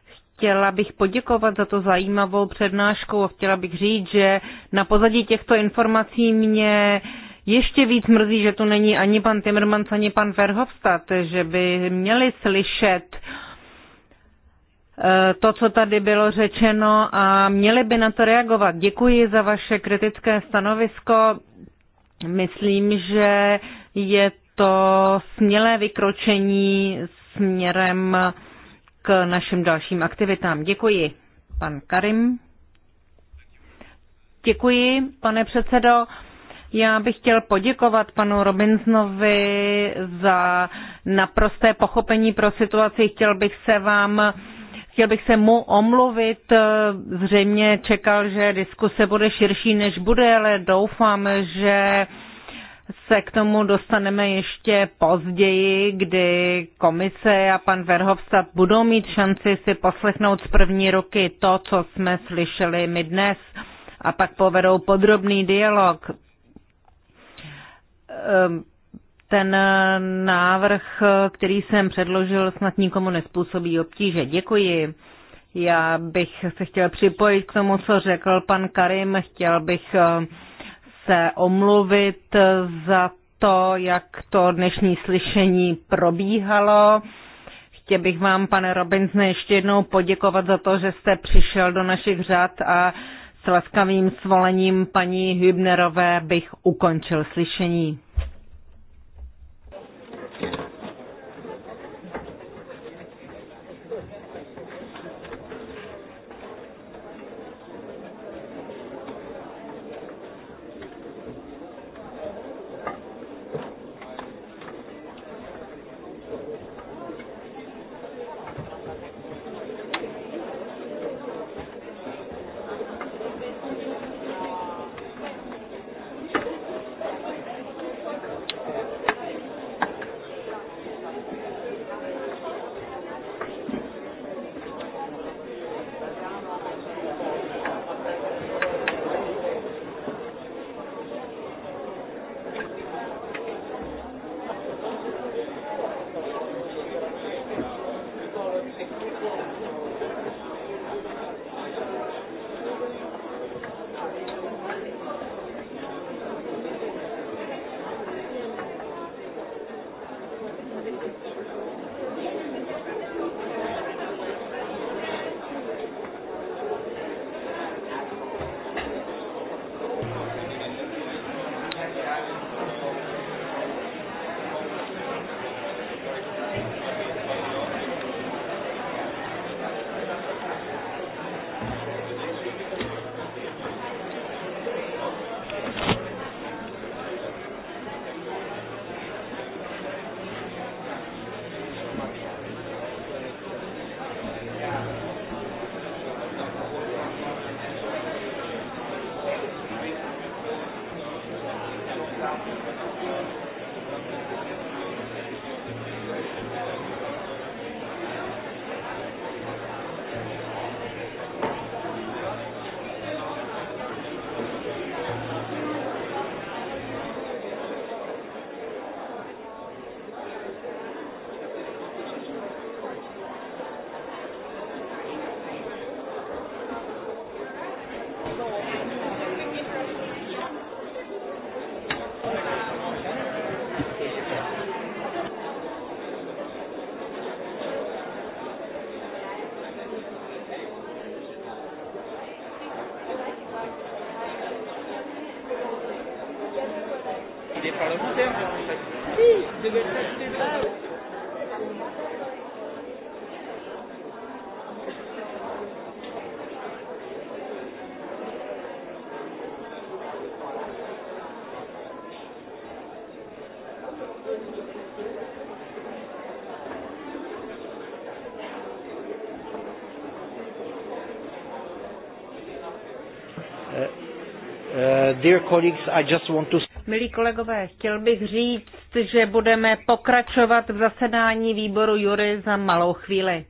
chtěla bych poděkovat za to zajímavou přednášku a chtěla bych říct, že na pozadí těchto informací mě ještě víc mrzí, že tu není ani pan Timmermans, ani pan Verhofstadt, že by měli slyšet uh, Eh, to, co tady bylo řečeno a měli by na to reagovat. Děkuji za vaše kritické stanovisko. Myslím, že je to smělé vykročení směrem k našim dalším aktivitám. Děkuji. Pan Karim. Děkuji, pane předsedo. Já bych chtěl poděkovat panu Robinsonovi za naprosté pochopení pro situaci. Chtěl bych se vám Chtěl bych se mu omluvit, eh, zřejmě čekal, že diskuse bude širší, než bude, ale doufám, že se k tomu dostaneme ještě později, kdy komise a pan Verhofstadt budou mít šanci si poslechnout z první ruky to, co jsme slyšeli my dnes a pak povedou podrobný dialog. Ehm, ten eh, návrh, eh, který jsem předložil, snad nikomu nespůsobí obtíže. Děkuji. Já bych se chtěl připojit k tomu, co řekl pan Karim. Chtěl bych eh, se omluvit za to, jak to dnešní slyšení probíhalo. Chtěl bych vám, pane Robinsne, ještě jednou poděkovat za to, že jste přišel do našich řad a s laskavým svolením paní Hübnerové bych ukončil slyšení. Dear colleagues, I just want to... Milí kolegové, chtěl bych říct, že budeme pokračovat v zasedání výboru Jury za malou chvíli.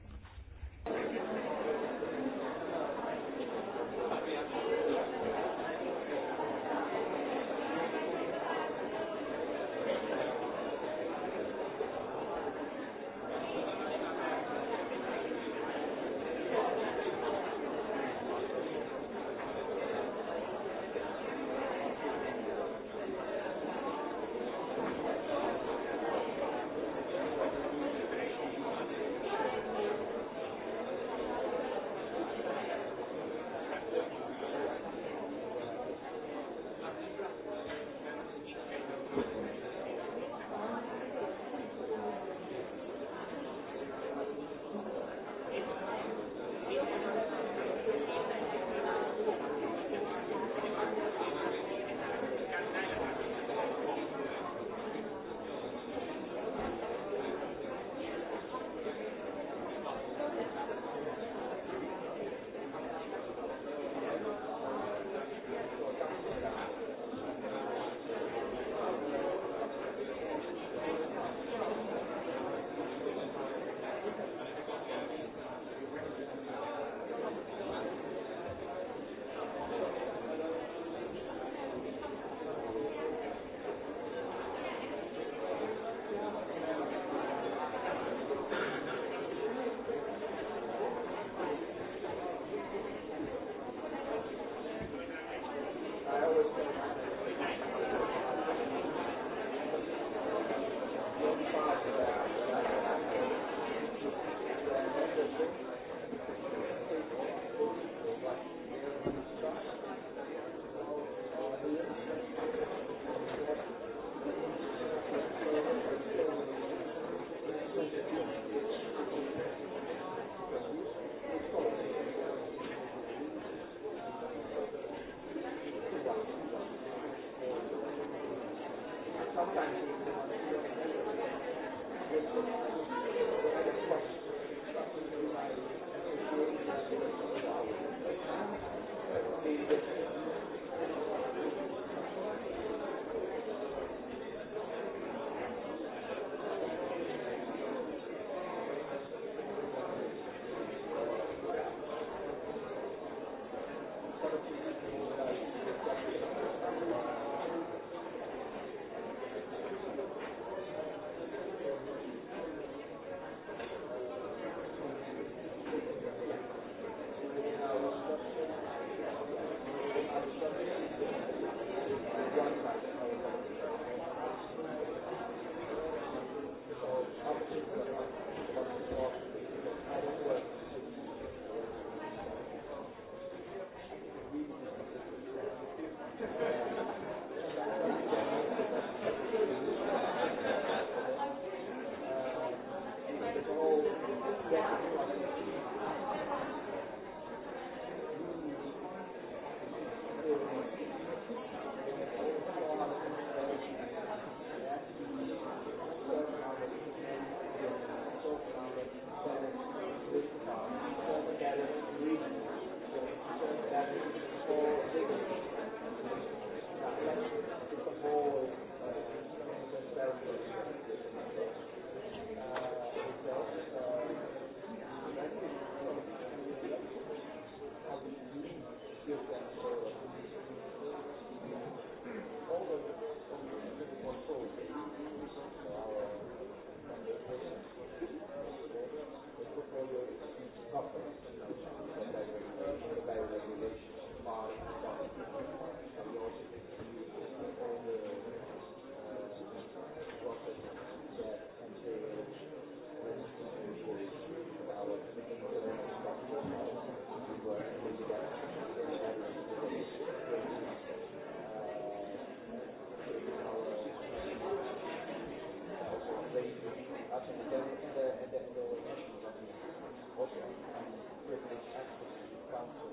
also with access to council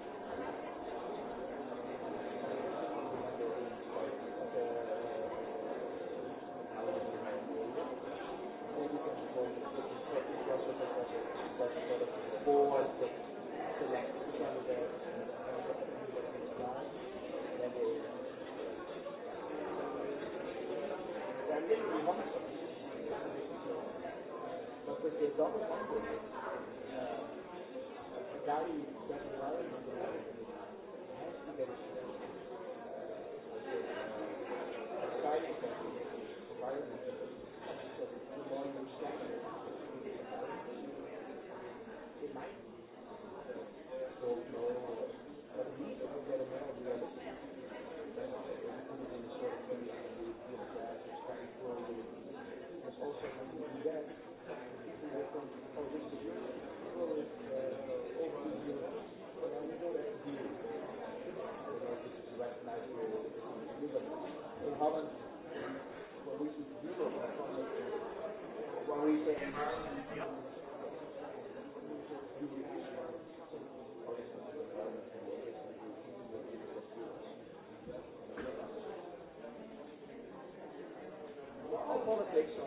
dollars language. Uh, politics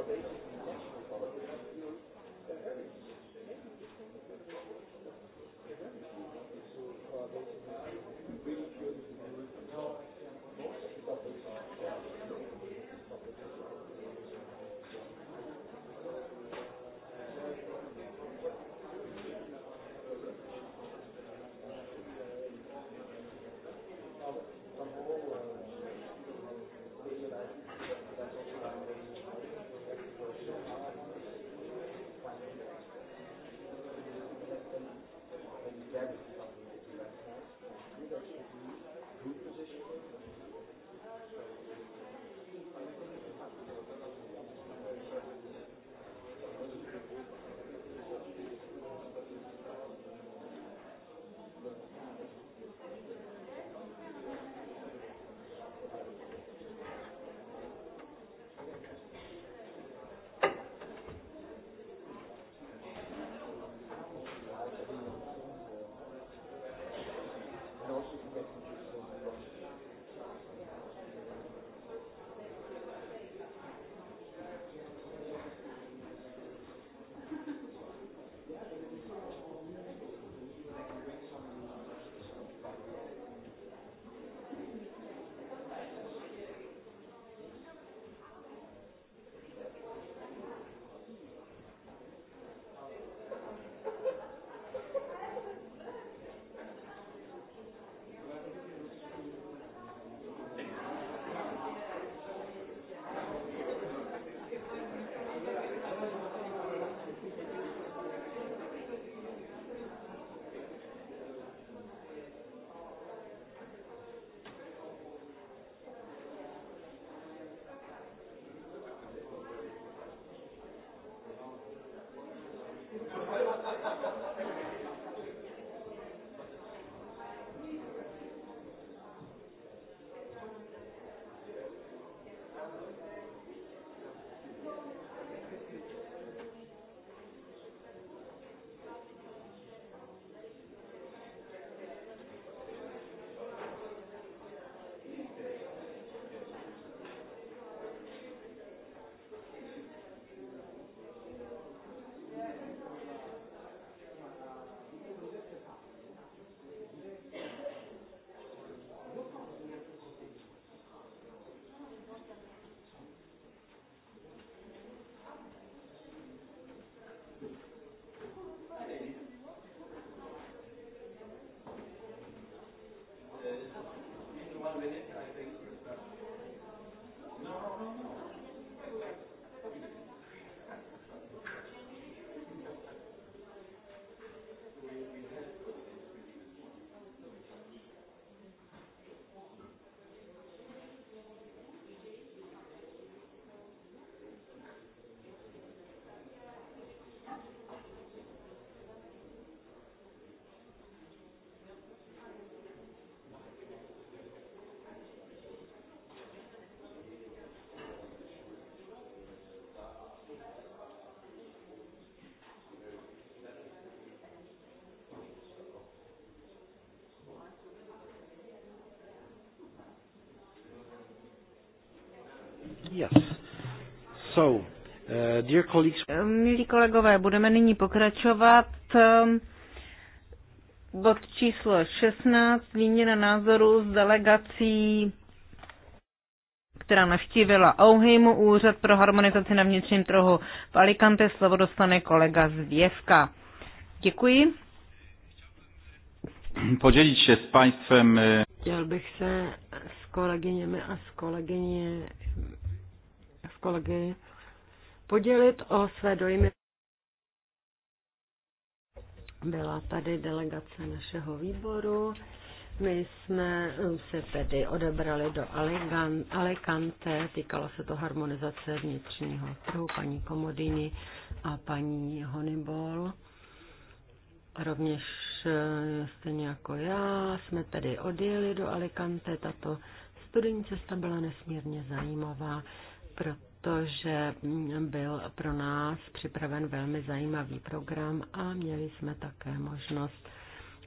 Yes. So, uh, dear colleagues... Eh, milí kolegové, budeme nyní pokračovat. Ehm, bod číslo 16, výměna názoru s delegací, která navštívila Ouheimu úřad pro harmonizaci na vnitřním trhu v Alicante. Slovo dostane kolega Zvěvka. Děkuji. Podělit se s Państwem. Eh, Chtěl bych se s kolegyněmi a s kolegyně, s kolegy podělit o své dojmy. Byla tady delegace našeho výboru. My jsme se tedy odebrali do Alicante, týkalo se to harmonizace vnitřního trhu paní Komodini a paní Honibol. Rovněž eh, stejně jako já jsme tedy odjeli do Alicante, tato Studijní cesta byla nesmírně zajímavá, protože byl pro nás připraven velmi zajímavý program a měli jsme také možnost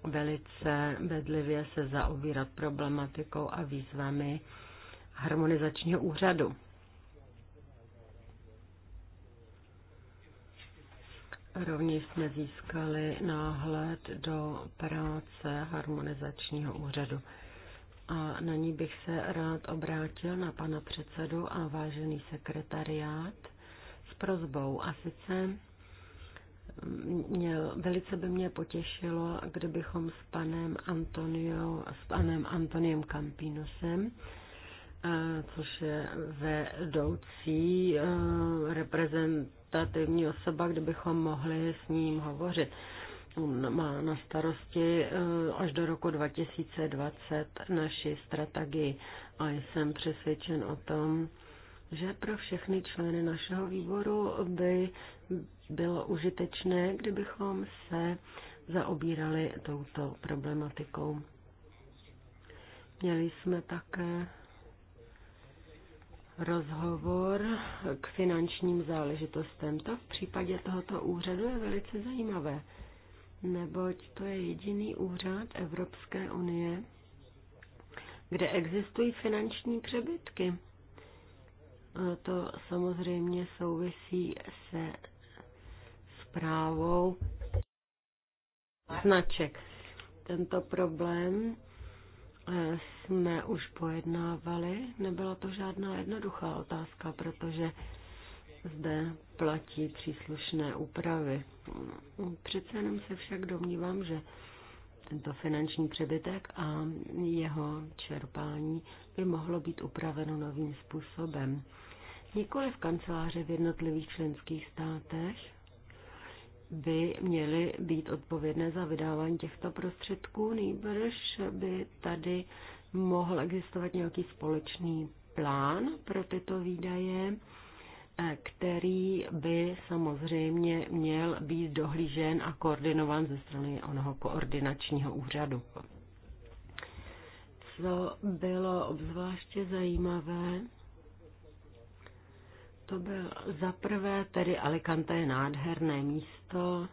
velice bedlivě se zaobírat problematikou a výzvami harmonizačního úřadu. Rovněž jsme získali náhled do práce harmonizačního úřadu a na ní bych se rád obrátil na pana předsedu a vážený sekretariát s prozbou. A sice mě, velice by mě potěšilo, kdybychom s panem, Antonio, s panem Antoniem Campinosem, což je vedoucí reprezentativní osoba, kdybychom mohli s ním hovořit má na starosti eh, až do roku 2020 naši strategii a jsem přesvědčen o tom, že pro všechny členy našeho výboru by bylo užitečné, kdybychom se zaobírali touto problematikou. Měli jsme také rozhovor k finančním záležitostem. To v případě tohoto úřadu je velice zajímavé neboť to je jediný úřad Evropské unie, kde existují finanční přebytky. To samozřejmě souvisí se zprávou značek. Tento problém eh, jsme už pojednávali. Nebyla to žádná jednoduchá otázka, protože zde platí příslušné úpravy. Přece jenom se však domnívám, že tento finanční přebytek a jeho čerpání by mohlo být upraveno novým způsobem. Nikoli v kanceláře v jednotlivých členských státech by měly být odpovědné za vydávání těchto prostředků, nejbrž by tady mohl existovat nějaký společný plán pro tyto výdaje který by samozřejmě měl být dohlížen a koordinovan ze strany onoho koordinačního úřadu. Co bylo obzvláště zajímavé, to byl zaprvé tedy Alicante je nádherné místo,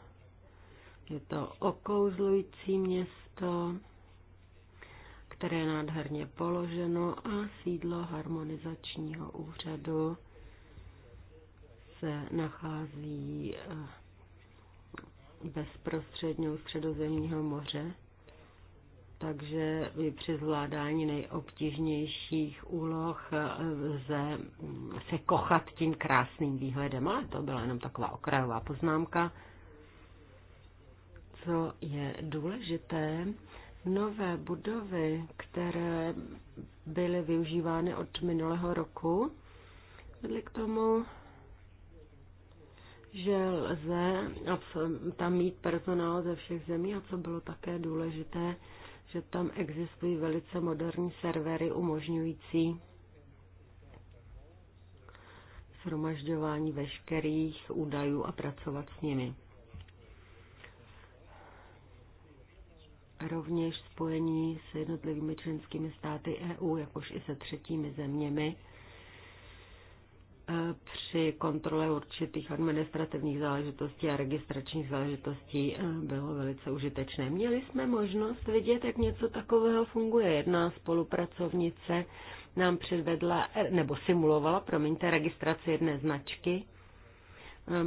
je to okouzlující město, které je nádherně položeno a sídlo harmonizačního úřadu se nachází eh, bezprostředně u středozemního moře, takže při zvládání nejobtížnějších úloh eh, lze mm, se kochat tím krásným výhledem, ale to byla jenom taková okrajová poznámka. Co je důležité, nové budovy, které byly využívány od minulého roku, vedly k tomu, že lze tam mít personál ze všech zemí a co bylo také důležité, že tam existují velice moderní servery umožňující shromažďování veškerých údajů a pracovat s nimi. Rovněž spojení s jednotlivými členskými státy EU, jakož i se třetími zeměmi, E, při kontrole určitých administrativních záležitostí a registračních záležitostí e, bylo velice užitečné. Měli jsme možnost vidět, jak něco takového funguje. Jedna spolupracovnice nám předvedla, e, nebo simulovala, promiňte, registraci jedné značky.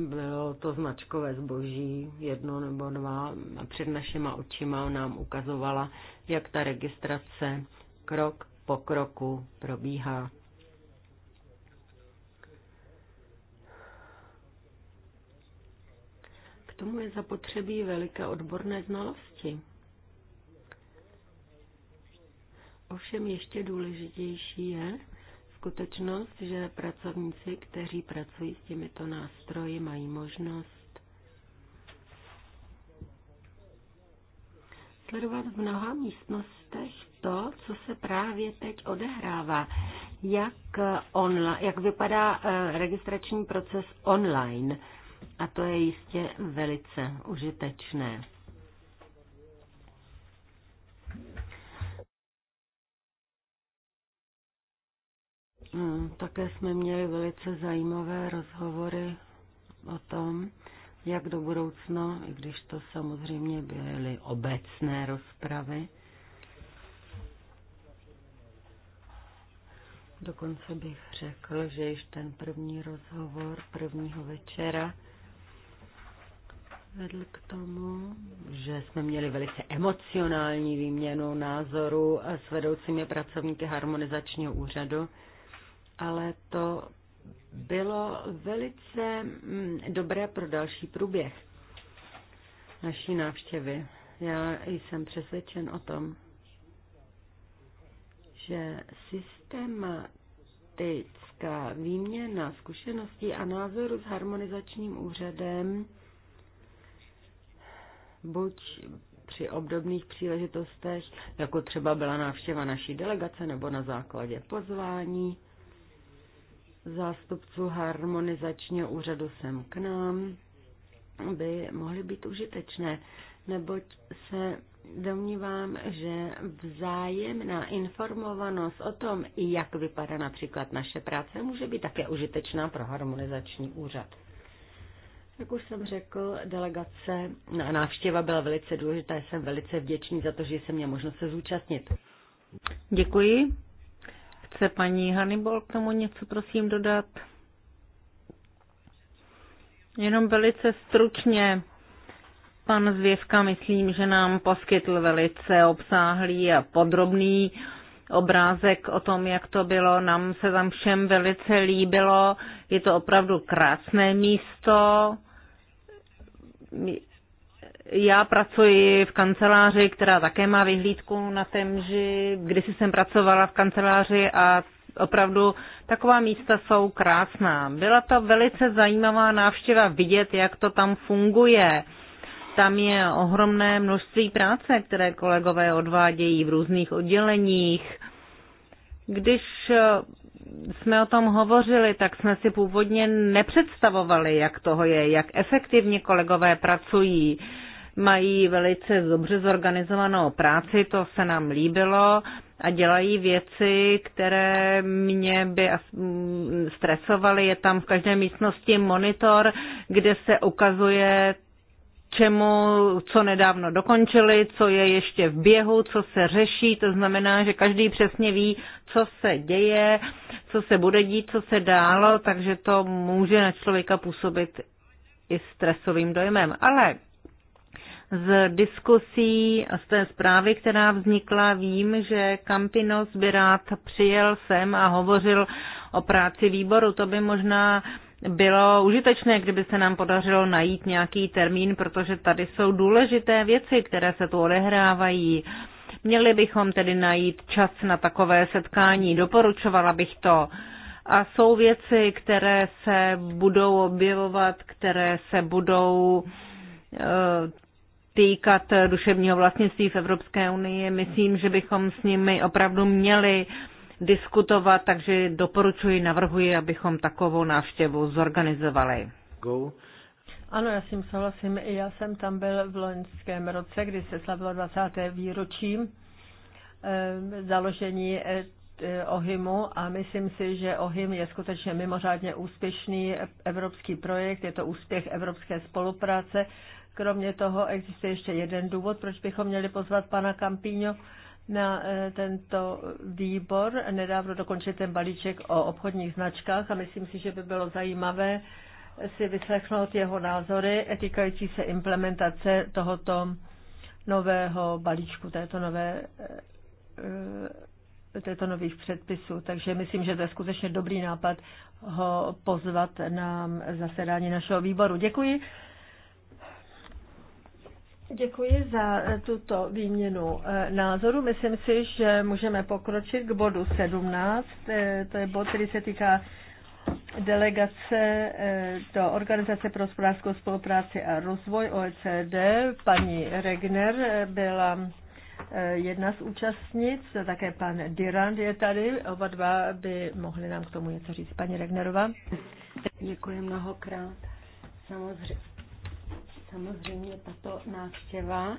Bylo to značkové zboží, jedno nebo dva, a před našima očima nám ukazovala, jak ta registrace krok po kroku probíhá tomu je zapotřebí veliké odborné znalosti. Ovšem ještě důležitější je skutečnost, že pracovníci, kteří pracují s těmito nástroji, mají možnost sledovat v mnoha místnostech to, co se právě teď odehrává. Jak, online, jak vypadá eh, registrační proces online? A to je jistě velice užitečné. Mm, také jsme měli velice zajímavé rozhovory o tom, jak do budoucna, i když to samozřejmě byly obecné rozpravy, Dokonce bych řekl, že již ten první rozhovor prvního večera vedl k tomu, že jsme měli velice emocionální výměnu názoru s vedoucími pracovníky harmonizačního úřadu, ale to bylo velice mm, dobré pro další průběh naší návštěvy. Já jsem přesvědčen o tom, že systém automatická výměna zkušeností a názoru s harmonizačním úřadem buď při obdobných příležitostech, jako třeba byla návštěva naší delegace nebo na základě pozvání zástupců harmonizačního úřadu sem k nám, by mohly být užitečné, neboť se domnívám, že vzájemná informovanost o tom, jak vypadá například naše práce, může být také užitečná pro harmonizační úřad. Jak už jsem řekl, delegace na návštěva byla velice důležitá. Jsem velice vděčný za to, že jsem měl možnost se zúčastnit. Děkuji. Chce paní Hannibal k tomu něco, prosím, dodat? Jenom velice stručně Pan Zvěvka, myslím, že nám poskytl velice obsáhlý a podrobný obrázek o tom, jak to bylo. Nám se tam všem velice líbilo. Je to opravdu krásné místo. Já pracuji v kanceláři, která také má vyhlídku na Temži. Kdysi jsem pracovala v kanceláři a opravdu taková místa jsou krásná. Byla to velice zajímavá návštěva vidět, jak to tam funguje tam je ohromné množství práce, které kolegové odvádějí v různých odděleních. Když eh, jsme o tom hovořili, tak jsme si původně nepředstavovali, jak toho je, jak efektivně kolegové pracují. Mají velice dobře zorganizovanou práci, to se nám líbilo a dělají věci, které mě by mm, stresovaly. Je tam v každé místnosti monitor, kde se ukazuje čemu, co nedávno dokončili, co je ještě v běhu, co se řeší. To znamená, že každý přesně ví, co se děje, co se bude dít, co se dálo, takže to může na člověka působit i stresovým dojmem. Ale z diskusí a z té zprávy, která vznikla, vím, že Campinos by rád přijel sem a hovořil o práci výboru. To by možná bylo užitečné, kdyby se nám podařilo najít nějaký termín, protože tady jsou důležité věci, které se tu odehrávají. Měli bychom tedy najít čas na takové setkání, doporučovala bych to. A jsou věci, které se budou objevovat, které se budou eh, týkat duševního vlastnictví v Evropské unii. Myslím, že bychom s nimi opravdu měli diskutovat, takže doporučuji, navrhuji, abychom takovou návštěvu zorganizovali. Go. Ano, já s tím souhlasím. Já jsem tam byl v loňském roce, kdy se slavilo 20. výročí eh, založení eh, eh, OHIMu a myslím si, že OHIM je skutečně mimořádně úspěšný evropský projekt, je to úspěch evropské spolupráce. Kromě toho existuje ještě jeden důvod, proč bychom měli pozvat pana Campíňo na e, tento výbor nedávno dokončit ten balíček o obchodních značkách a myslím si, že by bylo zajímavé si vyslechnout jeho názory týkající se implementace tohoto nového balíčku, této nové e, e, této nových předpisů. Takže myslím, že to je skutečně dobrý nápad ho pozvat na zasedání našeho výboru. Děkuji. Děkuji za eh, tuto výměnu eh, názoru. Myslím si, že můžeme pokročit k bodu 17. Eh, to je bod, který se týká delegace do Organizace pro hospodářskou spolupráci a rozvoj OECD. Paní Regner byla jedna z účastnic, také pan Dirand je tady. Oba dva by mohli nám k tomu něco říct. Paní Regnerová. Děkuji mnohokrát. Samozřejmě Samozřejmě tato návštěva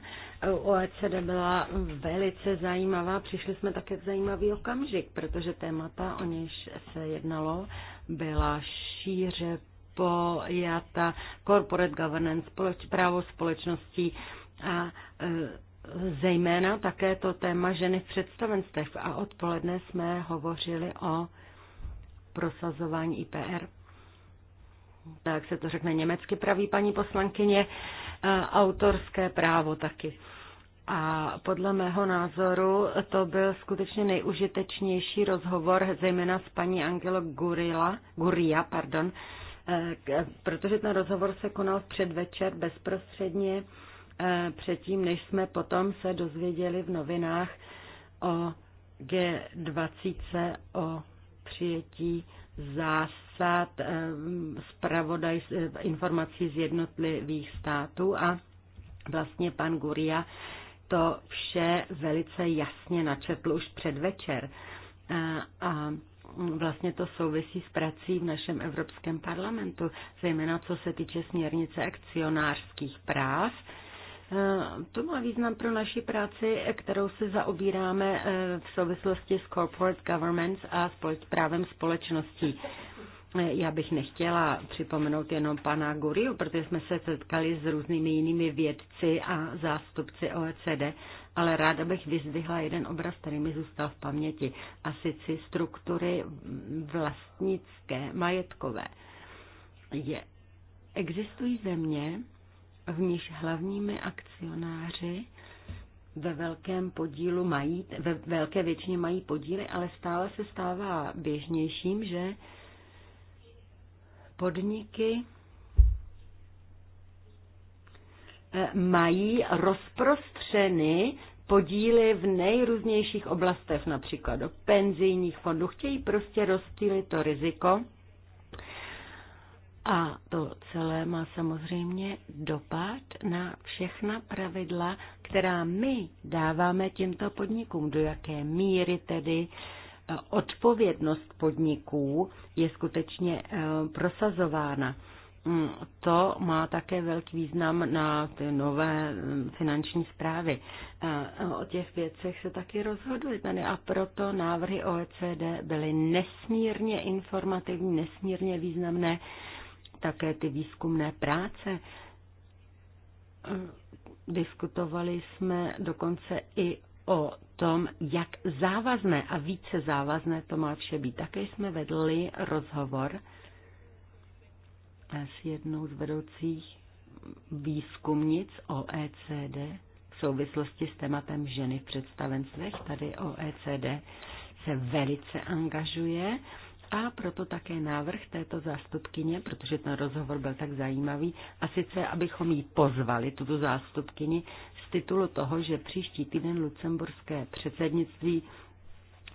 OECD byla velice zajímavá. Přišli jsme také v zajímavý okamžik, protože témata, o něž se jednalo, byla šíře pojata corporate governance, společ, právo společností a e, zejména také to téma ženy v představenstech. A odpoledne jsme hovořili o prosazování IPR tak se to řekne německy, praví paní poslankyně, e, autorské právo taky. A podle mého názoru to byl skutečně nejužitečnější rozhovor, zejména s paní Angelo Gurila, Guria, pardon, e, protože ten rozhovor se konal v předvečer bezprostředně e, předtím, než jsme potom se dozvěděli v novinách o G20, o přijetí zásad eh, zpravodaj eh, informací z jednotlivých států a vlastně pan Guria to vše velice jasně načetl už předvečer. A, eh, a vlastně to souvisí s prací v našem Evropském parlamentu, zejména co se týče směrnice akcionářských práv, Eh, to má význam pro naši práci, kterou se zaobíráme eh, v souvislosti s corporate governance a s právem společností. Eh, já bych nechtěla připomenout jenom pana Guriu, protože jsme se setkali s různými jinými vědci a zástupci OECD, ale ráda bych vyzdvihla jeden obraz, který mi zůstal v paměti, a sice struktury vlastnické, majetkové. Je, existují země, v níž hlavními akcionáři ve velkém podílu mají, ve velké většině mají podíly, ale stále se stává běžnějším, že podniky eh, mají rozprostřeny podíly v nejrůznějších oblastech, například do penzijních fondů. Chtějí prostě rozstýlit to riziko a to celé má samozřejmě dopad na všechna pravidla, která my dáváme těmto podnikům. Do jaké míry tedy eh, odpovědnost podniků je skutečně eh, prosazována. Mm, to má také velký význam na ty nové mm, finanční zprávy. Eh, o těch věcech se taky rozhoduje tady a proto návrhy OECD byly nesmírně informativní, nesmírně významné také ty výzkumné práce. Diskutovali jsme dokonce i o tom, jak závazné a více závazné to má vše být. Také jsme vedli rozhovor s jednou z vedoucích výzkumnic OECD v souvislosti s tématem ženy v představenstvech. Tady OECD se velice angažuje a proto také návrh této zástupkyně, protože ten rozhovor byl tak zajímavý, a sice, abychom jí pozvali, tuto zástupkyni, z titulu toho, že příští týden lucemburské předsednictví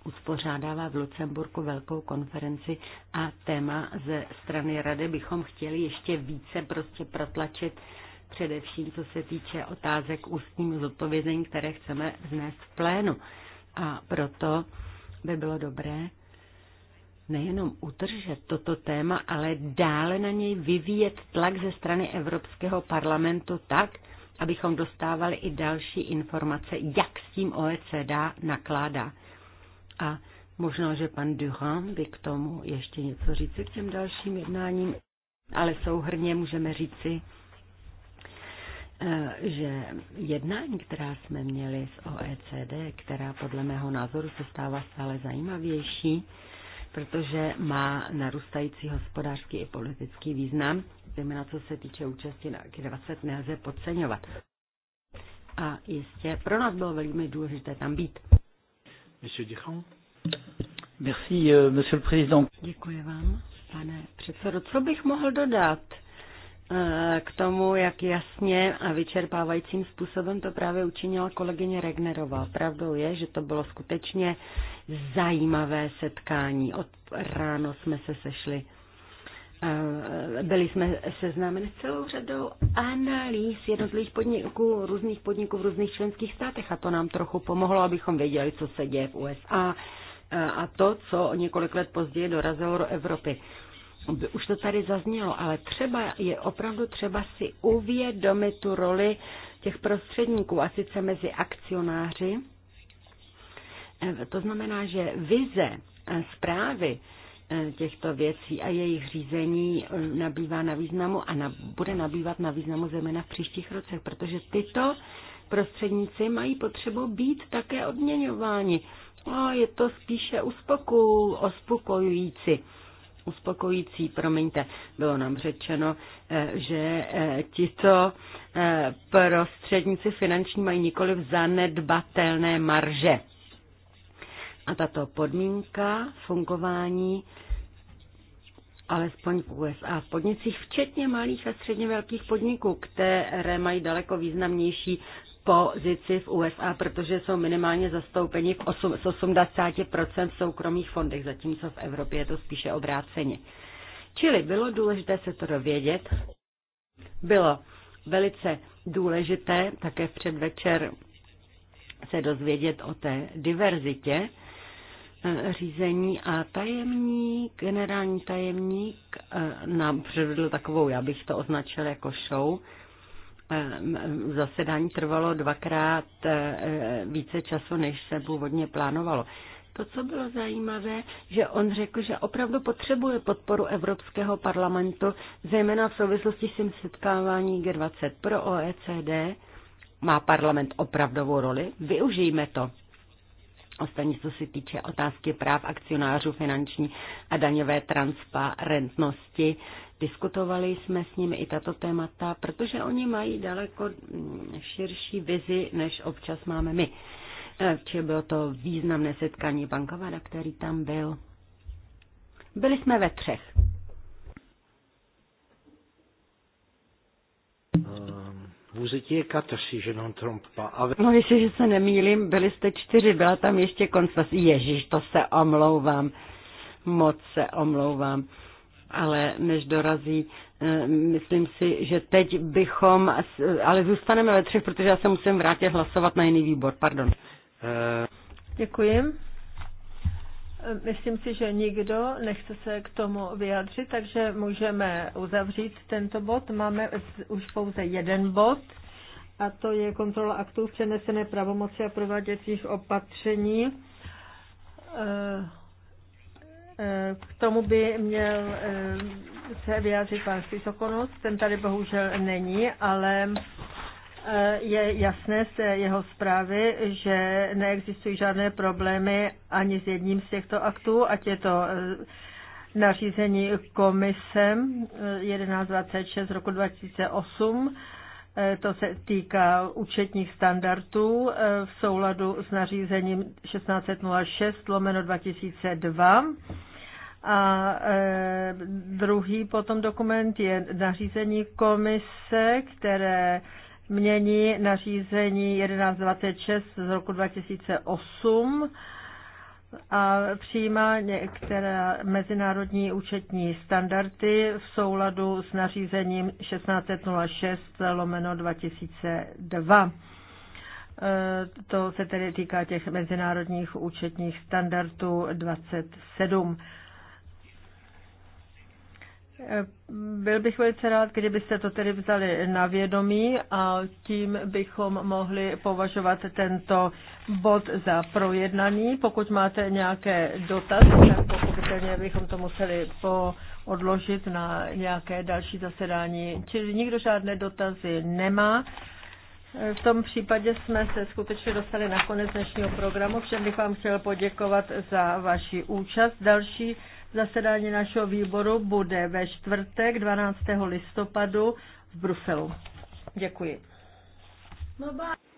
uspořádává v Lucemburku velkou konferenci a téma ze strany rady bychom chtěli ještě více prostě protlačit především co se týče otázek ústním zodpovězení, které chceme vznést v plénu. A proto by bylo dobré, nejenom udržet toto téma, ale dále na něj vyvíjet tlak ze strany Evropského parlamentu tak, abychom dostávali i další informace, jak s tím OECD nakládá. A možná, že pan Durand by k tomu ještě něco říci k těm dalším jednáním, ale souhrně můžeme říci, eh, že jednání, která jsme měli s OECD, která podle mého názoru se stává stále zajímavější, protože má narůstající hospodářský i politický význam, zejména co se týče účasti na G20, nelze podceňovat. A jistě pro nás bylo velmi důležité tam být. Monsieur Duchamp. Euh, monsieur le président. Děkuji vám, pane předsedo. Co bych mohl dodat? E, k tomu, jak jasně a vyčerpávajícím způsobem to právě učinila kolegyně Regnerová. Pravdou je, že to bylo skutečně zajímavé setkání. Od ráno jsme se sešli. E, byli jsme seznámeni s celou řadou analýz jednotlivých podniků, různých podniků v různých členských státech a to nám trochu pomohlo, abychom věděli, co se děje v USA e, a to, co několik let později dorazilo do Evropy už to tady zaznělo, ale třeba je opravdu třeba si uvědomit tu roli těch prostředníků, a sice mezi akcionáři. E, to znamená, že vize e, zprávy e, těchto věcí a jejich řízení nabývá na významu a na, bude nabývat na významu zejména v příštích rocech, protože tyto prostředníci mají potřebu být také odměňováni. A no, je to spíše uspokoj, uspokojující uspokojící. Promiňte, bylo nám řečeno, eh, že eh, tito eh, prostředníci finanční mají nikoli zanedbatelné marže. A tato podmínka fungování alespoň v USA v podnicích, včetně malých a středně velkých podniků, které mají daleko významnější pozici v USA, protože jsou minimálně zastoupeni v 8, z 80% v soukromých fondech, zatímco v Evropě je to spíše obráceně. Čili bylo důležité se to dovědět. Bylo velice důležité také v předvečer se dozvědět o té diverzitě eh, řízení a tajemník, generální tajemník eh, nám předvedl takovou, já bych to označil jako show, Eh, zasedání trvalo dvakrát eh, více času, než se původně plánovalo. To, co bylo zajímavé, že on řekl, že opravdu potřebuje podporu Evropského parlamentu, zejména v souvislosti s tím setkávání G20 pro OECD. Má parlament opravdovou roli? Využijme to. Ostatně, co se týče otázky práv akcionářů finanční a daňové transparentnosti, Diskutovali jsme s nimi i tato témata, protože oni mají daleko širší vizi, než občas máme my. Včera bylo to významné setkání bankovada, který tam byl. Byli jsme ve třech. Um, no, jestli, že je se nemýlím, byli jste čtyři, byla tam ještě Konstantin. Ježíš, to se omlouvám. Moc se omlouvám ale než dorazí, eh, myslím si, že teď bychom, ale zůstaneme ve třech, protože já se musím vrátit hlasovat na jiný výbor, pardon. Eh. Děkuji. Myslím si, že nikdo nechce se k tomu vyjádřit, takže můžeme uzavřít tento bod. Máme už pouze jeden bod a to je kontrola aktů přenesené pravomoci a prováděcích opatření. Eh, Eh, k tomu by měl eh, se vyjádřit pan Sisokonus, ten tady bohužel není, ale eh, je jasné z jeho zprávy, že neexistují žádné problémy ani s jedním z těchto aktů, ať je to nařízení komisem 1126 roku 2008 Eh, to se týká účetních standardů eh, v souladu s nařízením 1606 lomeno 2002. A eh, druhý potom dokument je nařízení komise, které mění nařízení 1126 z roku 2008 a přijímá některé mezinárodní účetní standardy v souladu s nařízením 1606 lomeno 2002. E, to se tedy týká těch mezinárodních účetních standardů 27. Byl bych velice rád, kdybyste to tedy vzali na vědomí a tím bychom mohli považovat tento bod za projednaný. Pokud máte nějaké dotazy, tak pochopitelně bychom to museli po odložit na nějaké další zasedání. Čili nikdo žádné dotazy nemá. V tom případě jsme se skutečně dostali na konec dnešního programu. Všem bych vám chtěl poděkovat za vaši účast. Další Zasedání našeho výboru bude ve čtvrtek 12. listopadu v Bruselu. Děkuji. Bye bye.